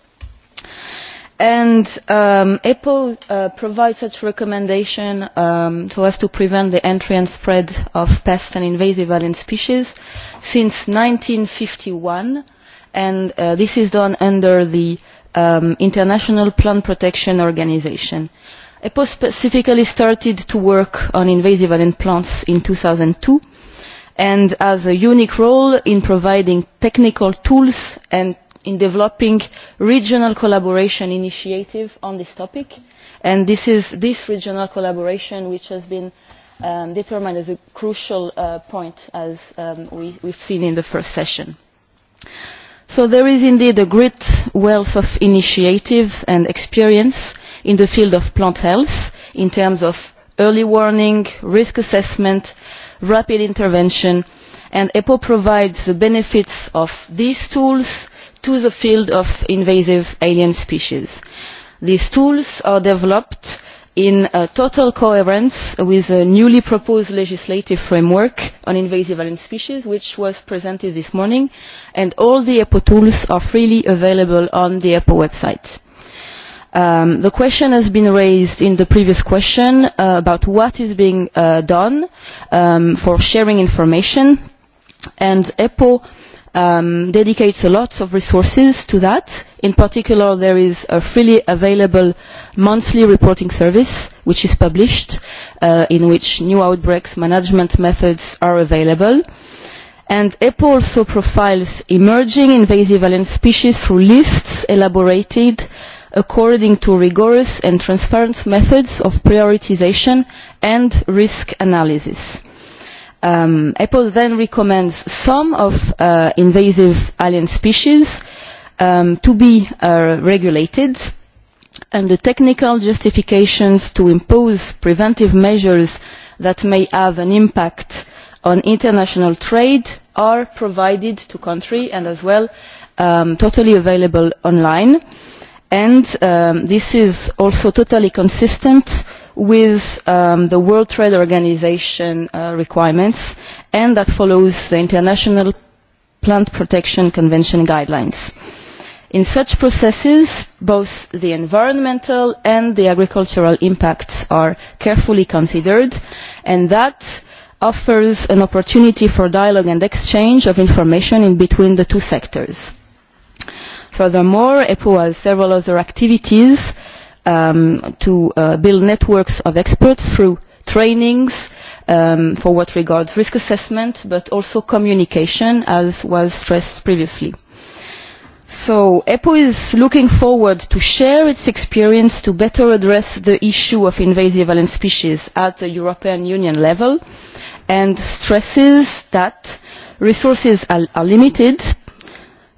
and um, apple uh, provides such recommendation um, so as to prevent the entry and spread of pest and invasive alien species since 1951 and uh, this is done under the um, international plant protection organization apple specifically started to work on invasive alien plants in 2002 and has a unique role in providing technical tools and in developing regional collaboration initiatives on this topic and this is this regional collaboration which has been um, determined as a crucial uh, point as um, we have seen in the first session. So there is indeed a great wealth of initiatives and experience in the field of plant health in terms of early warning, risk assessment, rapid intervention and EPO provides the benefits of these tools to the field of invasive alien species. These tools are developed in uh, total coherence with a newly proposed legislative framework on invasive alien species which was presented this morning and all the EPO tools are freely available on the EPO website. Um, the question has been raised in the previous question uh, about what is being uh, done um, for sharing information and EPO um, dedicates a lot of resources to that. In particular, there is a freely available monthly reporting service which is published, uh, in which new outbreaks management methods are available. And EPO also profiles emerging invasive alien species through lists elaborated according to rigorous and transparent methods of prioritization and risk analysis Um, EPO then recommends some of uh, invasive alien species um, to be uh, regulated and the technical justifications to impose preventive measures that may have an impact on international trade are provided to country and as well um, totally available online and um, this is also totally consistent with um, the World Trade Organization uh, requirements and that follows the International Plant Protection Convention guidelines. In such processes, both the environmental and the agricultural impacts are carefully considered and that offers an opportunity for dialogue and exchange of information in between the two sectors. Furthermore, EPO has several other activities Um, to uh, build networks of experts through trainings um, for what regards risk assessment, but also communication, as was stressed previously. So EPO is looking forward to share its experience to better address the issue of invasive alien species at the European Union level and stresses that resources are, are limited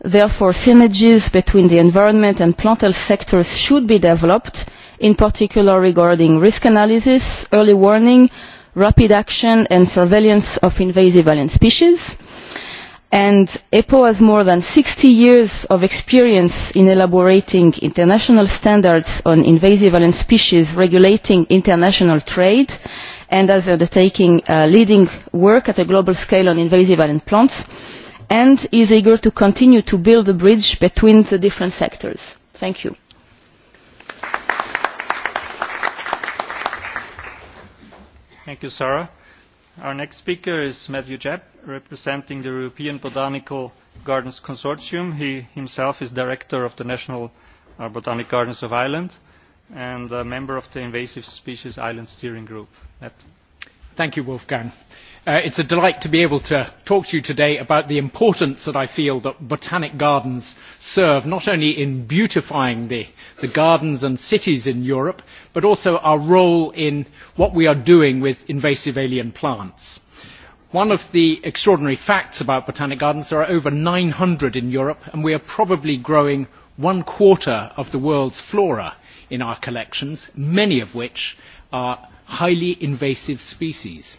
Therefore, synergies between the environment and plant health sectors should be developed, in particular regarding risk analysis, early warning, rapid action and surveillance of invasive alien species. And EPO has more than 60 years of experience in elaborating international standards on invasive alien species regulating international trade and has undertaking uh, leading work at a global scale on invasive alien plants and is eager to continue to build a bridge between the different sectors. Thank you. Thank you, Sarah. Our next speaker is Matthew Jepp, representing the European Botanical Gardens Consortium. He himself is director of the National uh, Botanic Gardens of Ireland and a member of the Invasive Species Island Steering Group. Thank you, Wolfgang Uh, it is a delight to be able to talk to you today about the importance that i feel that botanic gardens serve not only in beautifying the, gardens and cities in europe but also our role in what we are doing with invasive alien plants. one of the extraordinary facts about botanic gardens there are over nine hundred in europe and we are probably growing one quarter of the world's flora in our collections many of which are highly invasive species.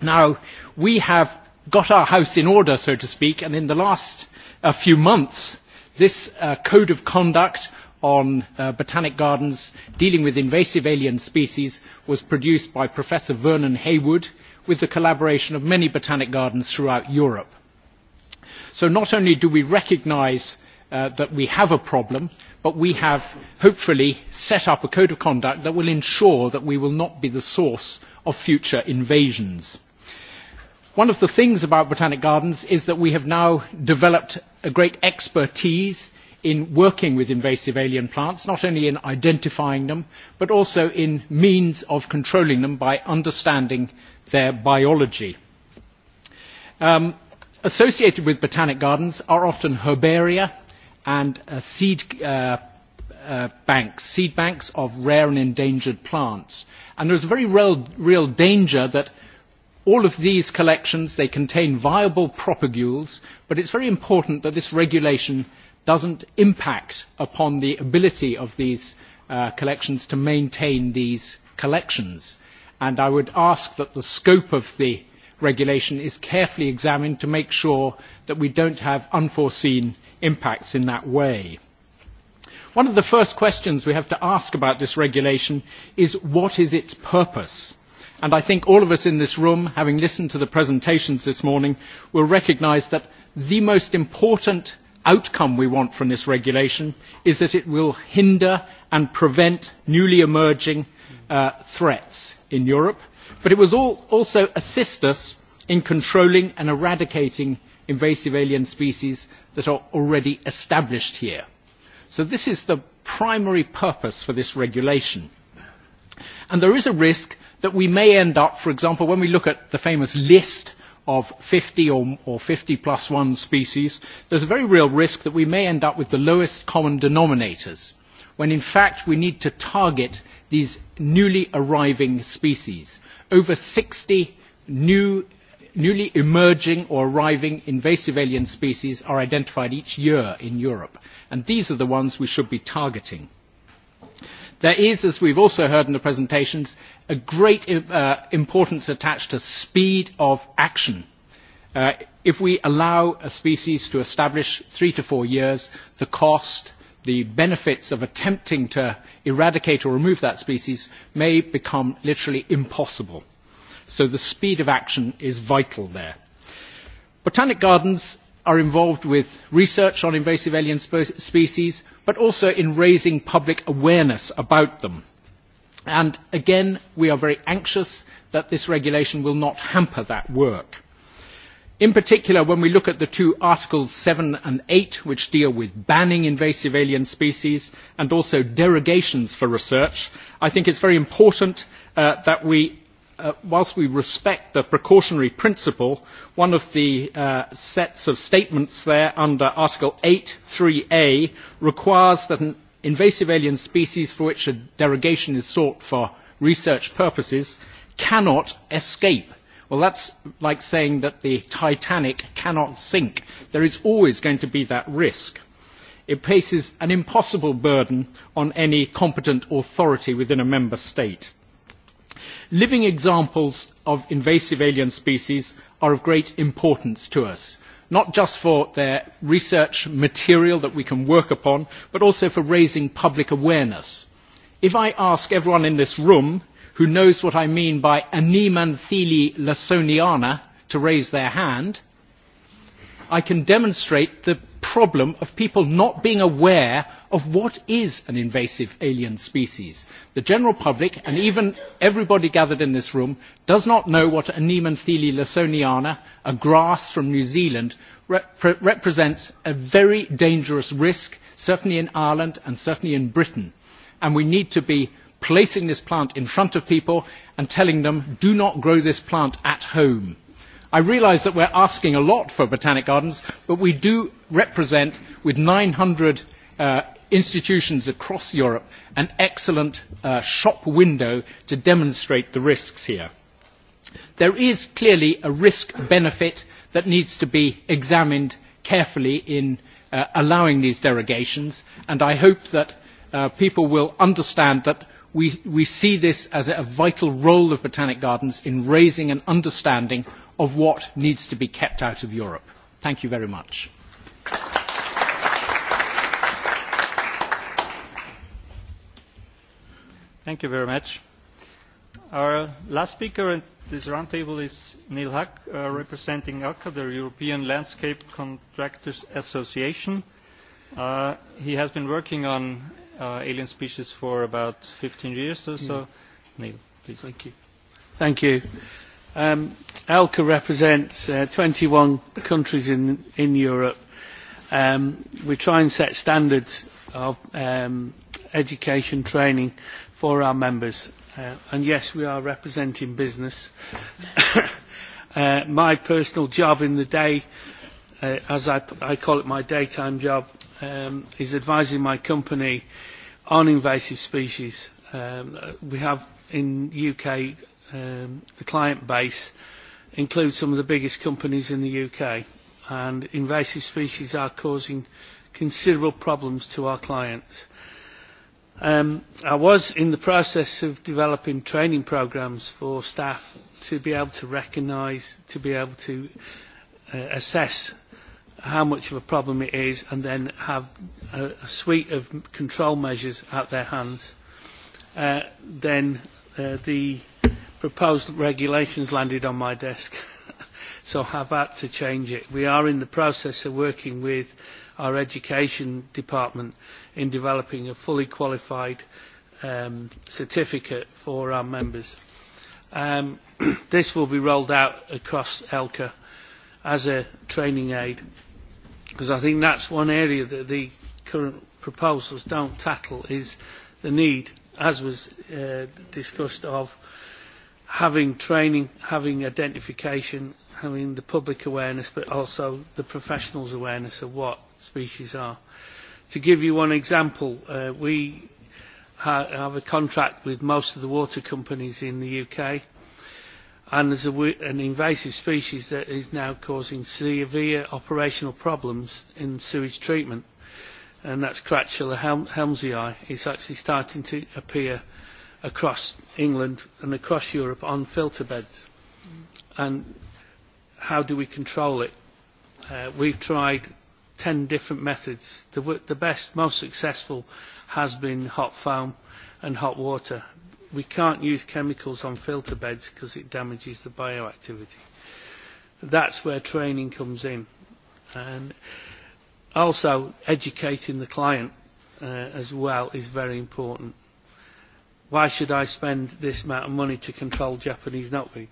Now, we have got our house in order, so to speak, and in the last uh, few months, this uh, code of conduct on uh, botanic gardens dealing with invasive alien species was produced by Professor Vernon Haywood with the collaboration of many botanic gardens throughout Europe. So not only do we recognise that we have a problem, but we have hopefully set up a code of conduct that will ensure that we will not be the source of future invasions. One of the things about Botanic Gardens is that we have now developed a great expertise in working with invasive alien plants, not only in identifying them, but also in means of controlling them by understanding their biology. Um, associated with Botanic Gardens are often herbaria, and uh, seed uh, banks, seed banks of rare and endangered plants. And there's a very real, real danger that all of these collections, they contain viable propagules, but it's very important that this regulation doesn't impact upon the ability of these uh, collections to maintain these collections. And I would ask that the scope of the regulation is carefully examined to make sure that we don't have unforeseen impacts in that way. One of the first questions we have to ask about this regulation is what is its purpose? And I think all of us in this room, having listened to the presentations this morning, will recognise that the most important outcome we want from this regulation is that it will hinder and prevent newly emerging uh, threats in Europe, but it will also assist us in controlling and eradicating invasive alien species that are already established here. So this is the primary purpose for this regulation. And there is a risk that we may end up, for example, when we look at the famous list of 50 or, or 50 plus one species, there's a very real risk that we may end up with the lowest common denominators, when in fact we need to target these newly arriving species. Over 60 new newly emerging or arriving invasive alien species are identified each year in Europe, and these are the ones we should be targeting. There is, as we've also heard in the presentations, a great uh, importance attached to speed of action. Uh, if we allow a species to establish three to four years, the cost, the benefits of attempting to eradicate or remove that species may become literally impossible so the speed of action is vital there. botanic gardens are involved with research on invasive alien species but also in raising public awareness about them and again we are very anxious that this regulation will not hamper that work. in particular when we look at the two articles 7 and 8 which deal with banning invasive alien species and also derogations for research i think it's very important uh, that we uh, whilst we respect the precautionary principle, one of the uh, sets of statements there under Article 8.3a requires that an invasive alien species for which a derogation is sought for research purposes cannot escape. Well, that's like saying that the Titanic cannot sink. There is always going to be that risk. It places an impossible burden on any competent authority within a member state living examples of invasive alien species are of great importance to us not just for their research material that we can work upon but also for raising public awareness if i ask everyone in this room who knows what i mean by anemanthele lawsoniana to raise their hand i can demonstrate the problem of people not being aware of what is an invasive alien species. the general public and even everybody gathered in this room does not know what a nemanthili lawsoniana a grass from new zealand represents a very dangerous risk certainly in ireland and certainly in britain and we need to be placing this plant in front of people and telling them do not grow this plant at home' i realise that we are asking a lot for botanic gardens but we do represent with nine hundred uh, institutions across europe an excellent uh, shop window to demonstrate the risks here. there is clearly a risk benefit that needs to be examined carefully in uh, allowing these derogations and i hope that people will understand that we, we see this as a vital role of botanic gardens in raising an understanding of what needs to be kept out of Europe. Thank you very much. Thank you very much. Our last speaker at this roundtable is Neil Huck, uh, representing alca, the European Landscape Contractors Association. Uh, he has been working on uh, alien species for about 15 years or so. Neil, please. Thank you. Thank you. Um, alca represents uh, 21 countries in, in europe. Um, we try and set standards of um, education training for our members uh, and yes we are representing business. <coughs> uh, my personal job in the day uh, as I, i call it my daytime job um, is advising my company on invasive species. Um, we have in the uk um, the client base includes some of the biggest companies in the UK and invasive species are causing considerable problems to our clients. Um, I was in the process of developing training programs for staff to be able to recognize, to be able to uh, assess how much of a problem it is and then have a, a suite of control measures at their hands. Uh, then uh, the proposed regulations landed on my desk <laughs> so I have had to change it. We are in the process of working with our education department in developing a fully qualified um, certificate for our members. Um, <clears throat> this will be rolled out across ELCA as a training aid because I think that's one area that the current proposals don't tackle is the need, as was uh, discussed, of having training, having identification, having the public awareness, but also the professionals' awareness of what species are. To give you one example, uh, we ha have a contract with most of the water companies in the UK, and there's a, an invasive species that is now causing severe operational problems in sewage treatment, and that's Cratchula hel helmsii. It's actually starting to appear across England and across Europe on filter beds. And how do we control it? Uh, we've tried 10 different methods. The, the best, most successful has been hot foam and hot water. We can't use chemicals on filter beds because it damages the bioactivity. That's where training comes in. And also educating the client uh, as well is very important why should I spend this amount of money to control Japanese knotweed?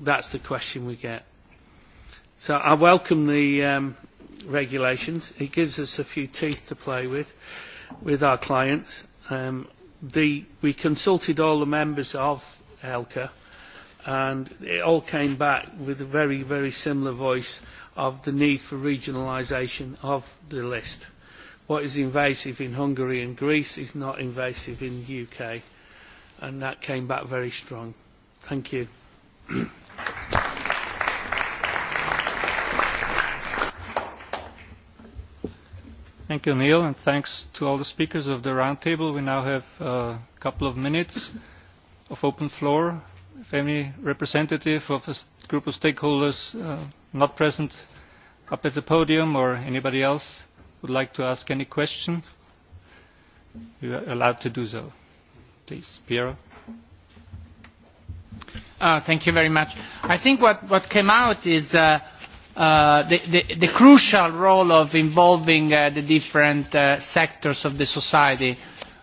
That's the question we get. So I welcome the um, regulations. It gives us a few teeth to play with, with our clients. Um, the, we consulted all the members of ELCA and it all came back with a very, very similar voice of the need for regionalisation of the list what is invasive in Hungary and Greece is not invasive in the UK. And that came back very strong. Thank you. Thank you, Neil, and thanks to all the speakers of the roundtable. We now have a couple of minutes of open floor. If any representative of a group of stakeholders uh, not present up at the podium or anybody else would like to ask any question? You are allowed to do so. Please, Piero. Uh, thank you very much. I think what, what came out is uh, uh, the, the, the crucial role of involving uh, the different uh, sectors of the society.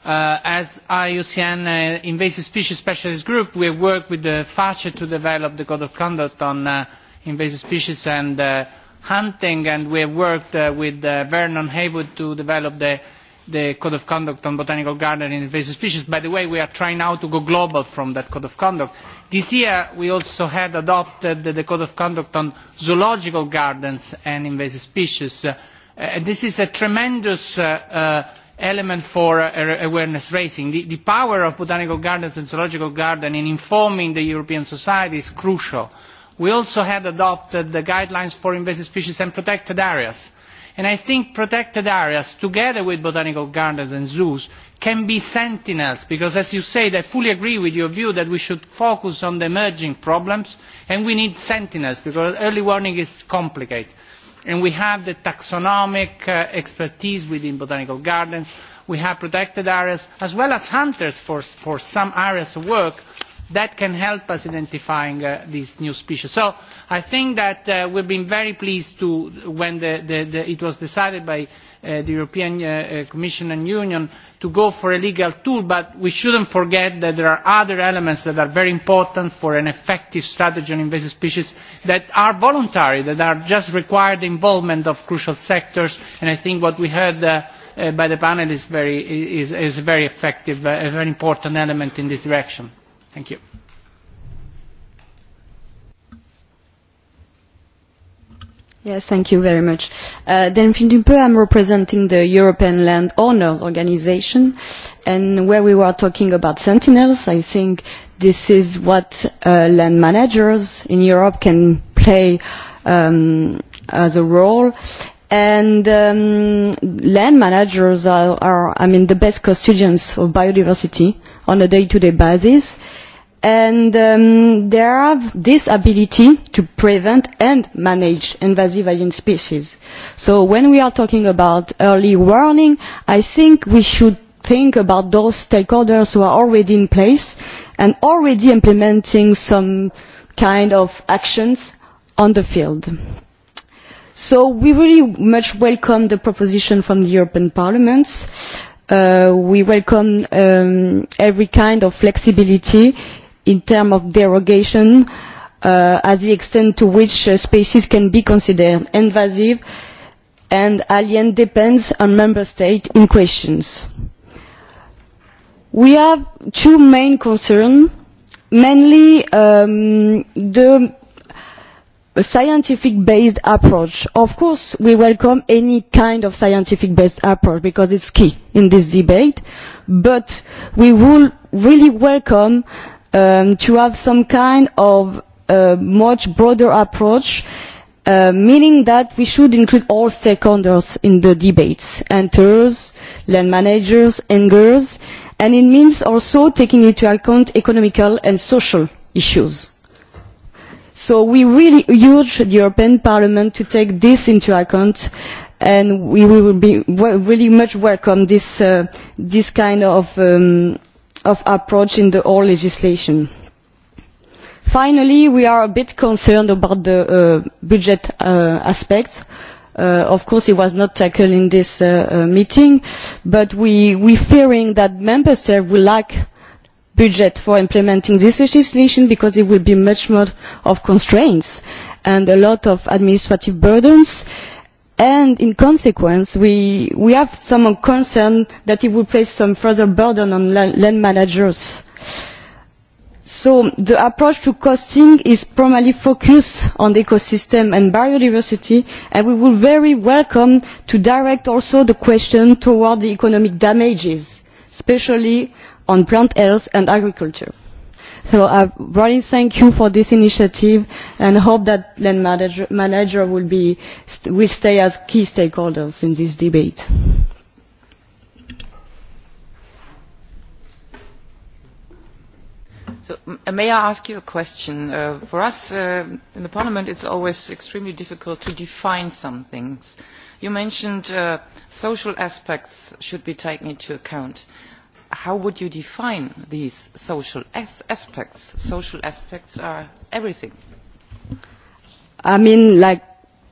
Uh, as IUCN uh, Invasive Species Specialist Group, we have worked with the FACE to develop the Code of Conduct on uh, invasive species and uh, hunting and we have worked uh, with uh, Vernon Haywood to develop the, the code of conduct on botanical garden and invasive species. By the way, we are trying now to go global from that code of conduct. This year we also had adopted the code of conduct on zoological gardens and invasive species. Uh, this is a tremendous uh, uh, element for uh, awareness raising. The, the power of botanical gardens and zoological gardens in informing the European society is crucial we also had adopted the guidelines for invasive species and protected areas and i think protected areas together with botanical gardens and zoos can be sentinels because as you say i fully agree with your view that we should focus on the emerging problems and we need sentinels because early warning is complicated and we have the taxonomic uh, expertise within botanical gardens we have protected areas as well as hunters for, for some areas of work that can help us identify uh, these new species. so i think that uh, we have been very pleased when it was decided by uh, the european commission and union to go for a legal tool but we should not forget that there are other elements that are very important for an effective strategy on invasive species that are voluntary that just require the involvement of crucial sectors and i think what we heard by the panel is, a very effective, a very important element in this direction. Thank you. Yes, thank you very much. Uh, Delphine Dumpeux, I'm representing the European Land Owners Organization, and where we were talking about sentinels, I think this is what uh, land managers in Europe can play um, as a role. And um, land managers are, are, I mean, the best custodians of biodiversity on a day to -day basis and um, they have this ability to prevent and manage invasive alien species. So when we are talking about early warning, I think we should think about those stakeholders who are already in place and already implementing some kind of actions on the field. So we really much welcome the proposition from the European Parliament. Uh, we welcome um, every kind of flexibility in terms of derogation uh, as the extent to which uh, species can be considered invasive and alien depends on member states in questions. We have two main concerns, mainly um, the scientific based approach. Of course, we welcome any kind of scientific based approach because it's key in this debate, but we will really welcome um, to have some kind of uh, much broader approach uh, meaning that we should include all stakeholders in the debates, enters, land managers, angers, and it means also taking into account economical and social issues. So we really urge the European Parliament to take this into account and we will be really much welcome this, uh, this kind of um, of approach in the whole legislation. finally we are a bit concerned about the uh, budget uh, aspect. Uh, of course it was not tackled in this uh, uh, meeting but we are fearing that member states will lack budget for implementing this legislation because it will be much more of constraints and a lot of administrative burdens and in consequence we, we have some concern that it will place some further burden on land managers. So the approach to costing is primarily focused on the ecosystem and biodiversity and we will very welcome to direct also the question towards the economic damages, especially on plant health and agriculture. So I uh, really thank you for this initiative and hope that land manager, will, be, will stay as key stakeholders in this debate. So, uh, may i ask you a question? Uh, for us uh, in the parliament it's always extremely difficult to define some things. you mentioned uh, social aspects should be taken into account how would you define these social as aspects? Social aspects are everything. I mean, like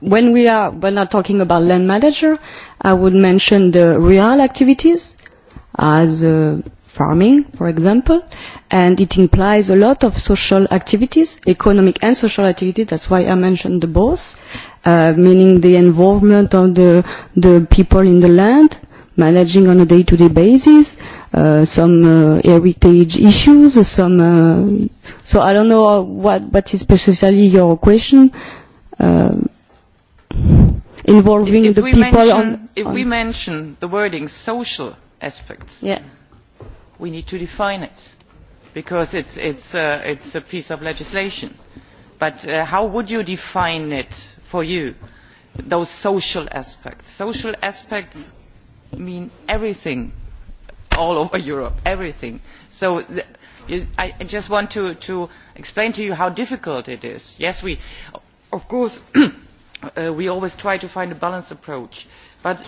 when we are when I'm talking about land manager, I would mention the real activities as uh, farming, for example, and it implies a lot of social activities, economic and social activities. That's why I mentioned the both, uh, meaning the involvement of the the people in the land managing on a day-to-day -day basis, uh, some uh, heritage issues, some. Uh, so I don't know what what is precisely your question uh, involving if, if the people. Mention, on, if we mention the wording social aspects, yeah. we need to define it because it's it's uh, it's a piece of legislation. But uh, how would you define it for you? Those social aspects. Social aspects mean everything all over Europe, everything. So I, just want to, to explain to you how difficult it is. Yes, we, of course, <clears throat> uh, we always try to find a balanced approach, but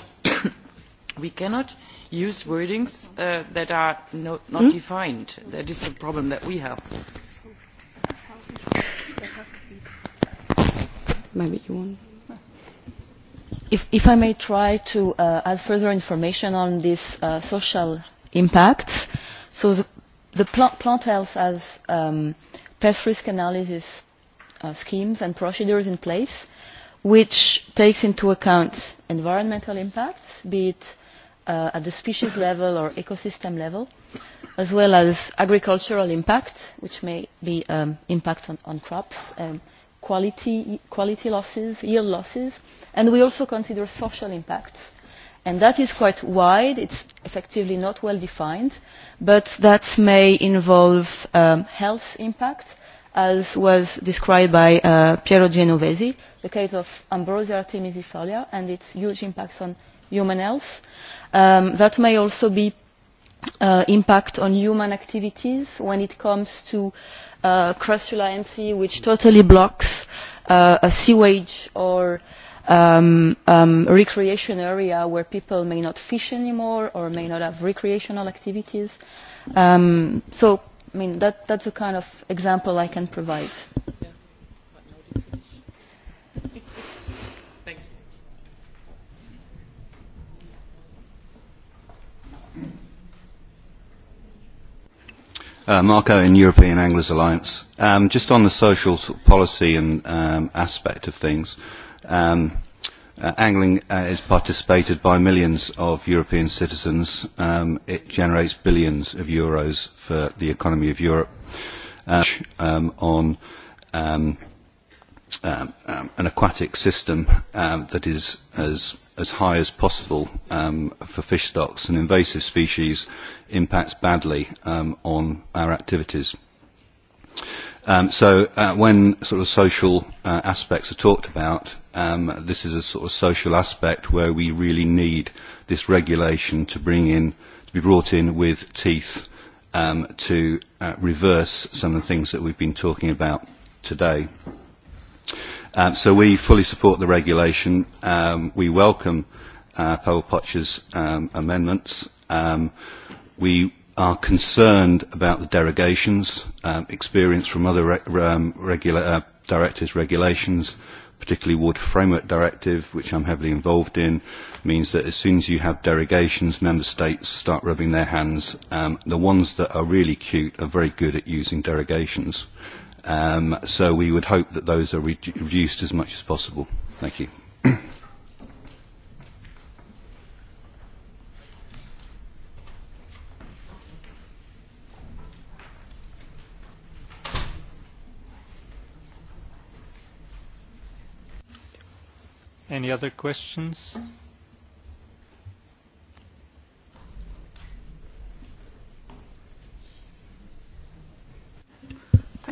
<clears throat> we cannot use wordings uh, that are not hmm? defined. That is the problem that we have. If, if I may try to uh, add further information on these uh, social impacts, so the, plant, health has um, pest risk analysis uh, schemes and procedures in place, which takes into account environmental impacts, be it at the species level or ecosystem level, as well as agricultural impact, which may be um, impact on, crops. and um, quality, quality losses, yield losses, and we also consider social impacts. And that is quite wide, it's effectively not well defined, but that may involve um, health impact, as was described by uh, Piero Genovesi, the case of Ambrosia artemisifolia and its huge impacts on human health. Um, that may also be uh, impact on human activities when it comes to uh, cross reliancy which totally blocks uh, a sewage or um, um, recreation area where people may not fish anymore or may not have recreational activities. Um, so, I mean, that, that's a kind of example I can provide. Uh, Marco in European Anglers Alliance. Um, just on the social policy and um, aspect of things, um, uh, angling uh, is participated by millions of European citizens. Um, it generates billions of euros for the economy of Europe. um, on um, Um, um, an aquatic system um, that is as, as high as possible um, for fish stocks and invasive species impacts badly um, on our activities. Um, so uh, when sort of social uh, aspects are talked about, um, this is a sort of social aspect where we really need this regulation to bring in, to be brought in with teeth um, to uh, reverse some of the things that we've been talking about today. Um, so we fully support the regulation. Um, we welcome uh, Paul um, amendments. we are concerned about the derogations, experience from other re uh, directives, regulations, particularly Wood Framework Directive, which I'm heavily involved in, means that as soon as you have derogations, member states start rubbing their hands. the ones that are really cute are very good at using derogations. Um, so we would hope that those are re reduced as much as possible. Thank you. Any other questions?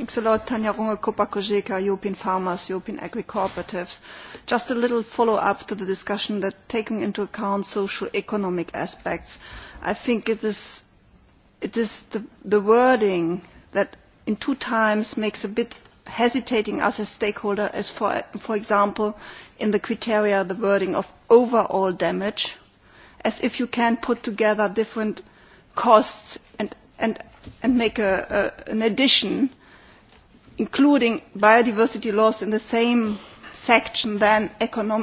Thanks a lot, Tanja Runge, European Farmers, European Agri-Cooperatives. Just a little follow-up to the discussion that taking into account social economic aspects, I think it is, it is the, the wording that in two times makes a bit hesitating us as stakeholder as for, for example in the criteria the wording of overall damage as if you can put together different costs and, and, and make a, a, an addition including biodiversity loss in the same section than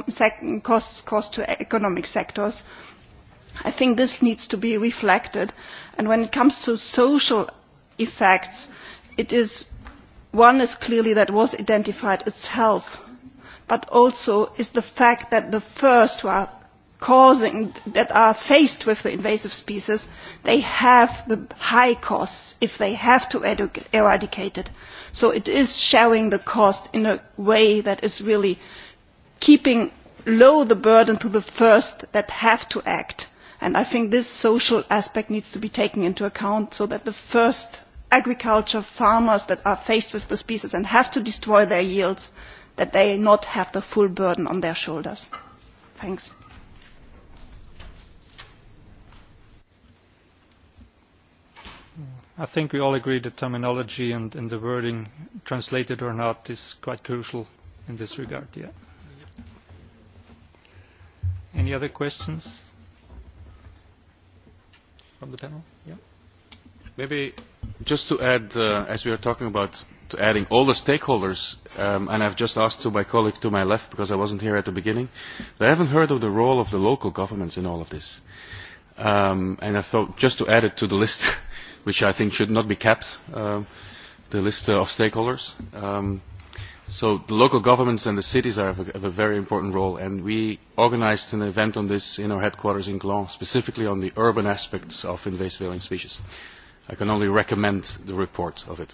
sec costs cost to economic sectors i think this needs to be reflected and when it comes to social effects it is one is clearly that was identified itself but also is the fact that the first who are causing that are faced with the invasive species they have the high costs if they have to eradicate it so it is sharing the cost in a way that is really keeping low the burden to the first that have to act and i think this social aspect needs to be taken into account so that the first agriculture farmers that are faced with the species and have to destroy their yields that they not have the full burden on their shoulders. Thanks. I think we all agree that terminology and, and the wording, translated or not, is quite crucial in this regard. Yeah. Any other questions from the panel? Yeah. Maybe just to add, uh, as we are talking about to adding all the stakeholders, um, and I've just asked to my colleague to my left because I wasn't here at the beginning, that I haven't heard of the role of the local governments in all of this. Um, and I thought just to add it to the list <laughs> which I think should not be kept, um, the list uh, of stakeholders. Um, so the local governments and the cities are, have, a, very important role, and we organized an event on this in our headquarters in Glan, specifically on the urban aspects of invasive alien species. I can only recommend the report of it.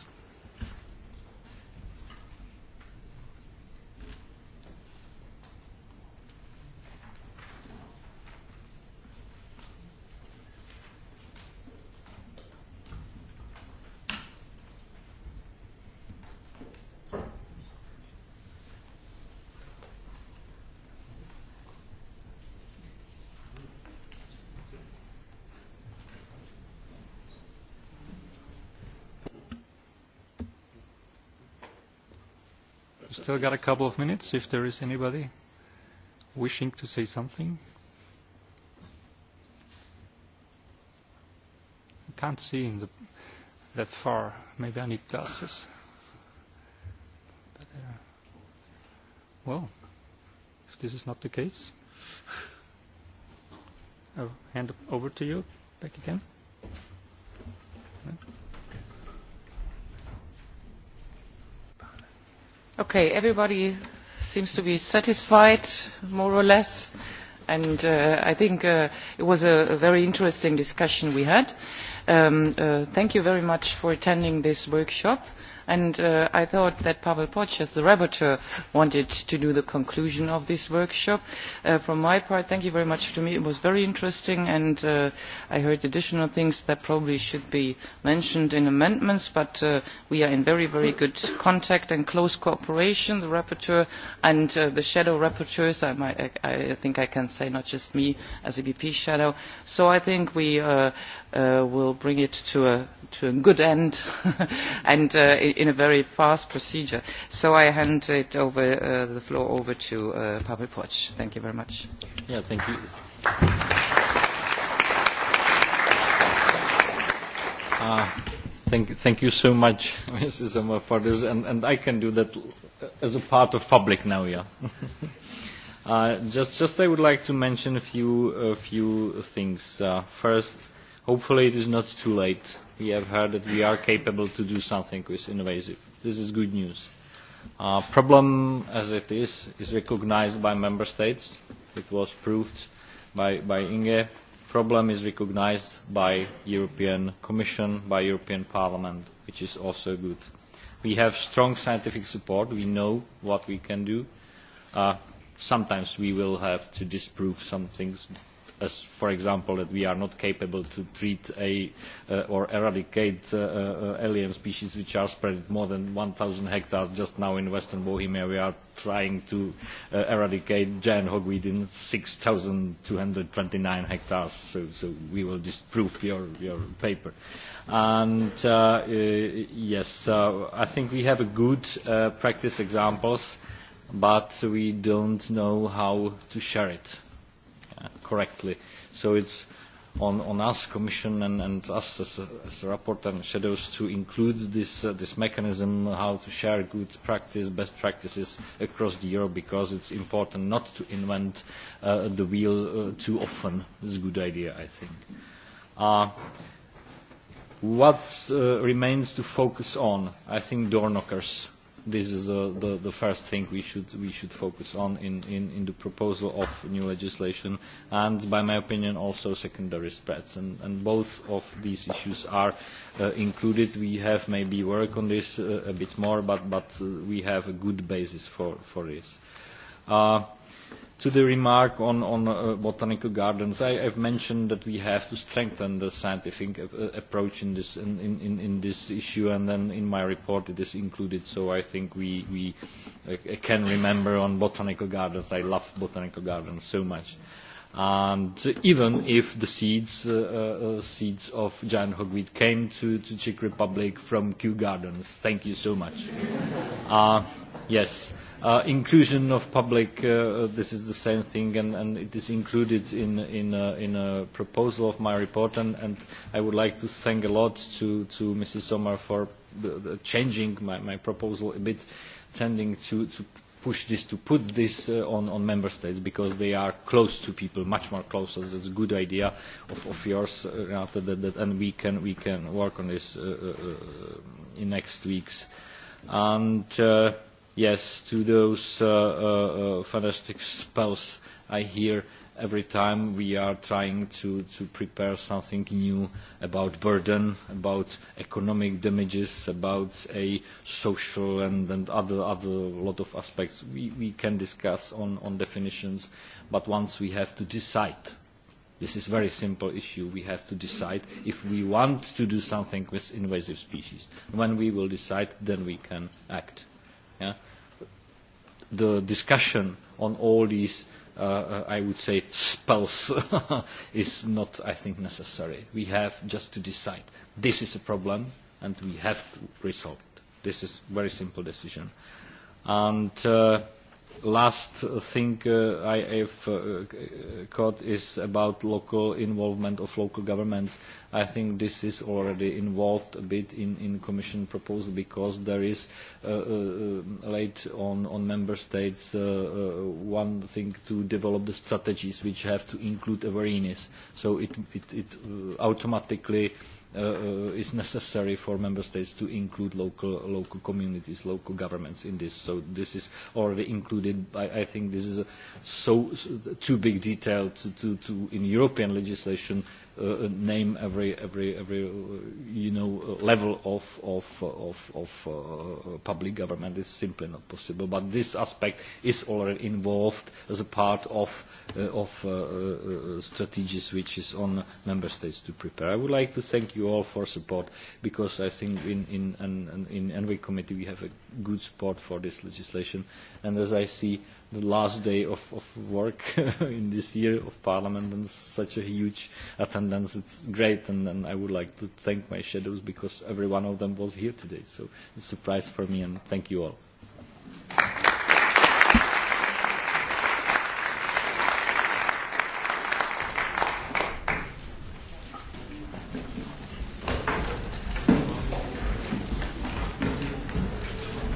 we got a couple of minutes if there is anybody wishing to say something. I can't see in the, that far. Maybe I need glasses. Uh, well, if this is not the case, <laughs> I'll hand over to you back again. everybody seems to be satisfied, more or less, and uh, I think uh, it was a, very interesting discussion we had. Um, uh, thank you very much for attending this workshop and uh, I thought that Pavel Poch, as the rapporteur, wanted to do the conclusion of this workshop. Uh, from my part, thank you very much to me. It was very interesting, and uh, I heard additional things that probably should be mentioned in amendments, but uh, we are in very, very good contact and close cooperation, the rapporteur and uh, the shadow rapporteurs, I, might, I, I think I can say not just me as a BP shadow. So I think we uh, uh, will bring it to a, to a good end <laughs> and uh, in a very fast procedure. So I hand it over, uh, the floor over to uh, Pavel Poch. Thank you very much. Yeah, thank you. Uh, thank, thank you so much, <laughs> Mrs. Sommer, for this. And, and I can do that as a part of public now, yeah. <laughs> uh, just, just I would like to mention a few, a few things. Uh, first, hopefully it is not too late. We have heard that we are capable to do something with invasive. This is good news. Uh, problem as it is is recognized by member states. It was proved by, by Inge. Problem is recognized by European Commission, by European Parliament, which is also good. We have strong scientific support. We know what we can do. Uh, sometimes we will have to disprove some things as for example that we are not capable to treat uh, or eradicate uh, uh, alien species which are spread more than 1000 hectares just now in western bohemia we are trying to uh, eradicate giant hogweed in 6229 hectares so, so we will disprove your, your paper and yes i think we have good practice examples but we don't know how to share it correctly. So it's on, on us, Commission, and, and us as a, rapporteur and shadows to include this, uh, this mechanism, how to share good practice, best practices across the Europe, because it's important not to invent uh, the wheel uh, too often. It's a good idea, I think. Uh, what uh, remains to focus on? I think door knockers this is the, uh, the, the first thing we should, we should focus on in, in, in the proposal of new legislation and, by my opinion, also secondary spreads. And, both of these issues are uh, included. We have maybe work on this uh, a bit more, but, but we have a good basis for, for this. Uh, to the remark on, on uh, botanical gardens, I, have mentioned that we have to strengthen the scientific uh, uh, approach in this, in, in, this issue, and then in my report it is included, so I think we, we uh, can remember on botanical gardens. I love botanical gardens so much. And even if the seeds, seeds of giant hogweed came to, the Czech Republic from Kew Gardens, thank you so much. Uh, yes. Uh, inclusion of public, uh, this is the same thing and, it is included in, in, a, proposal of my report and, I would like to thank a lot to, to Mrs. Sommer for changing my, my proposal a bit, tending to, to push this, to put this uh, on, on member states because they are close to people, much more close. So that's a good idea of, yours after that, and we can, we can work on this in next weeks. And yes to those uh, uh, uh, fantastic spells I hear every time we are trying to, to prepare something new about burden, about economic damages, about a social and, and other, other lot of aspects we, we can discuss on, on definitions, but once we have to decide This is a very simple issue. We have to decide if we want to do something with invasive species. When we will decide, then we can act. Yeah? the discussion on all these uh, uh I would say spells <laughs> is not I think necessary. We have just to decide this is a problem and we have to resolve it. This is a very simple decision. And uh, last thing uh, I have uh, caught is about local involvement of local governments. I think this is already involved a bit in, in Commission proposal because there is uh, uh late on, on Member States uh, one thing to develop the strategies which have to include awareness. So it, it, it automatically Uh, uh, is necessary for member states to include local local communities local governments in this so this is already included i, I think this is a so, too big detail to to in european legislation uh, name every every every uh, you know uh, level of of uh, of, of uh, public government is simply not possible. But this aspect is already involved as a part of uh, of uh, strategies which is on member states to prepare. I would like to thank you all for support because I think in in in, committee we have a good support for this legislation, and as I see the last day of, of work <laughs> in this year of Parliament and such a huge attendance. It's great and, and I would like to thank my shadows because every one of them was here today. So it's a surprise for me and thank you all.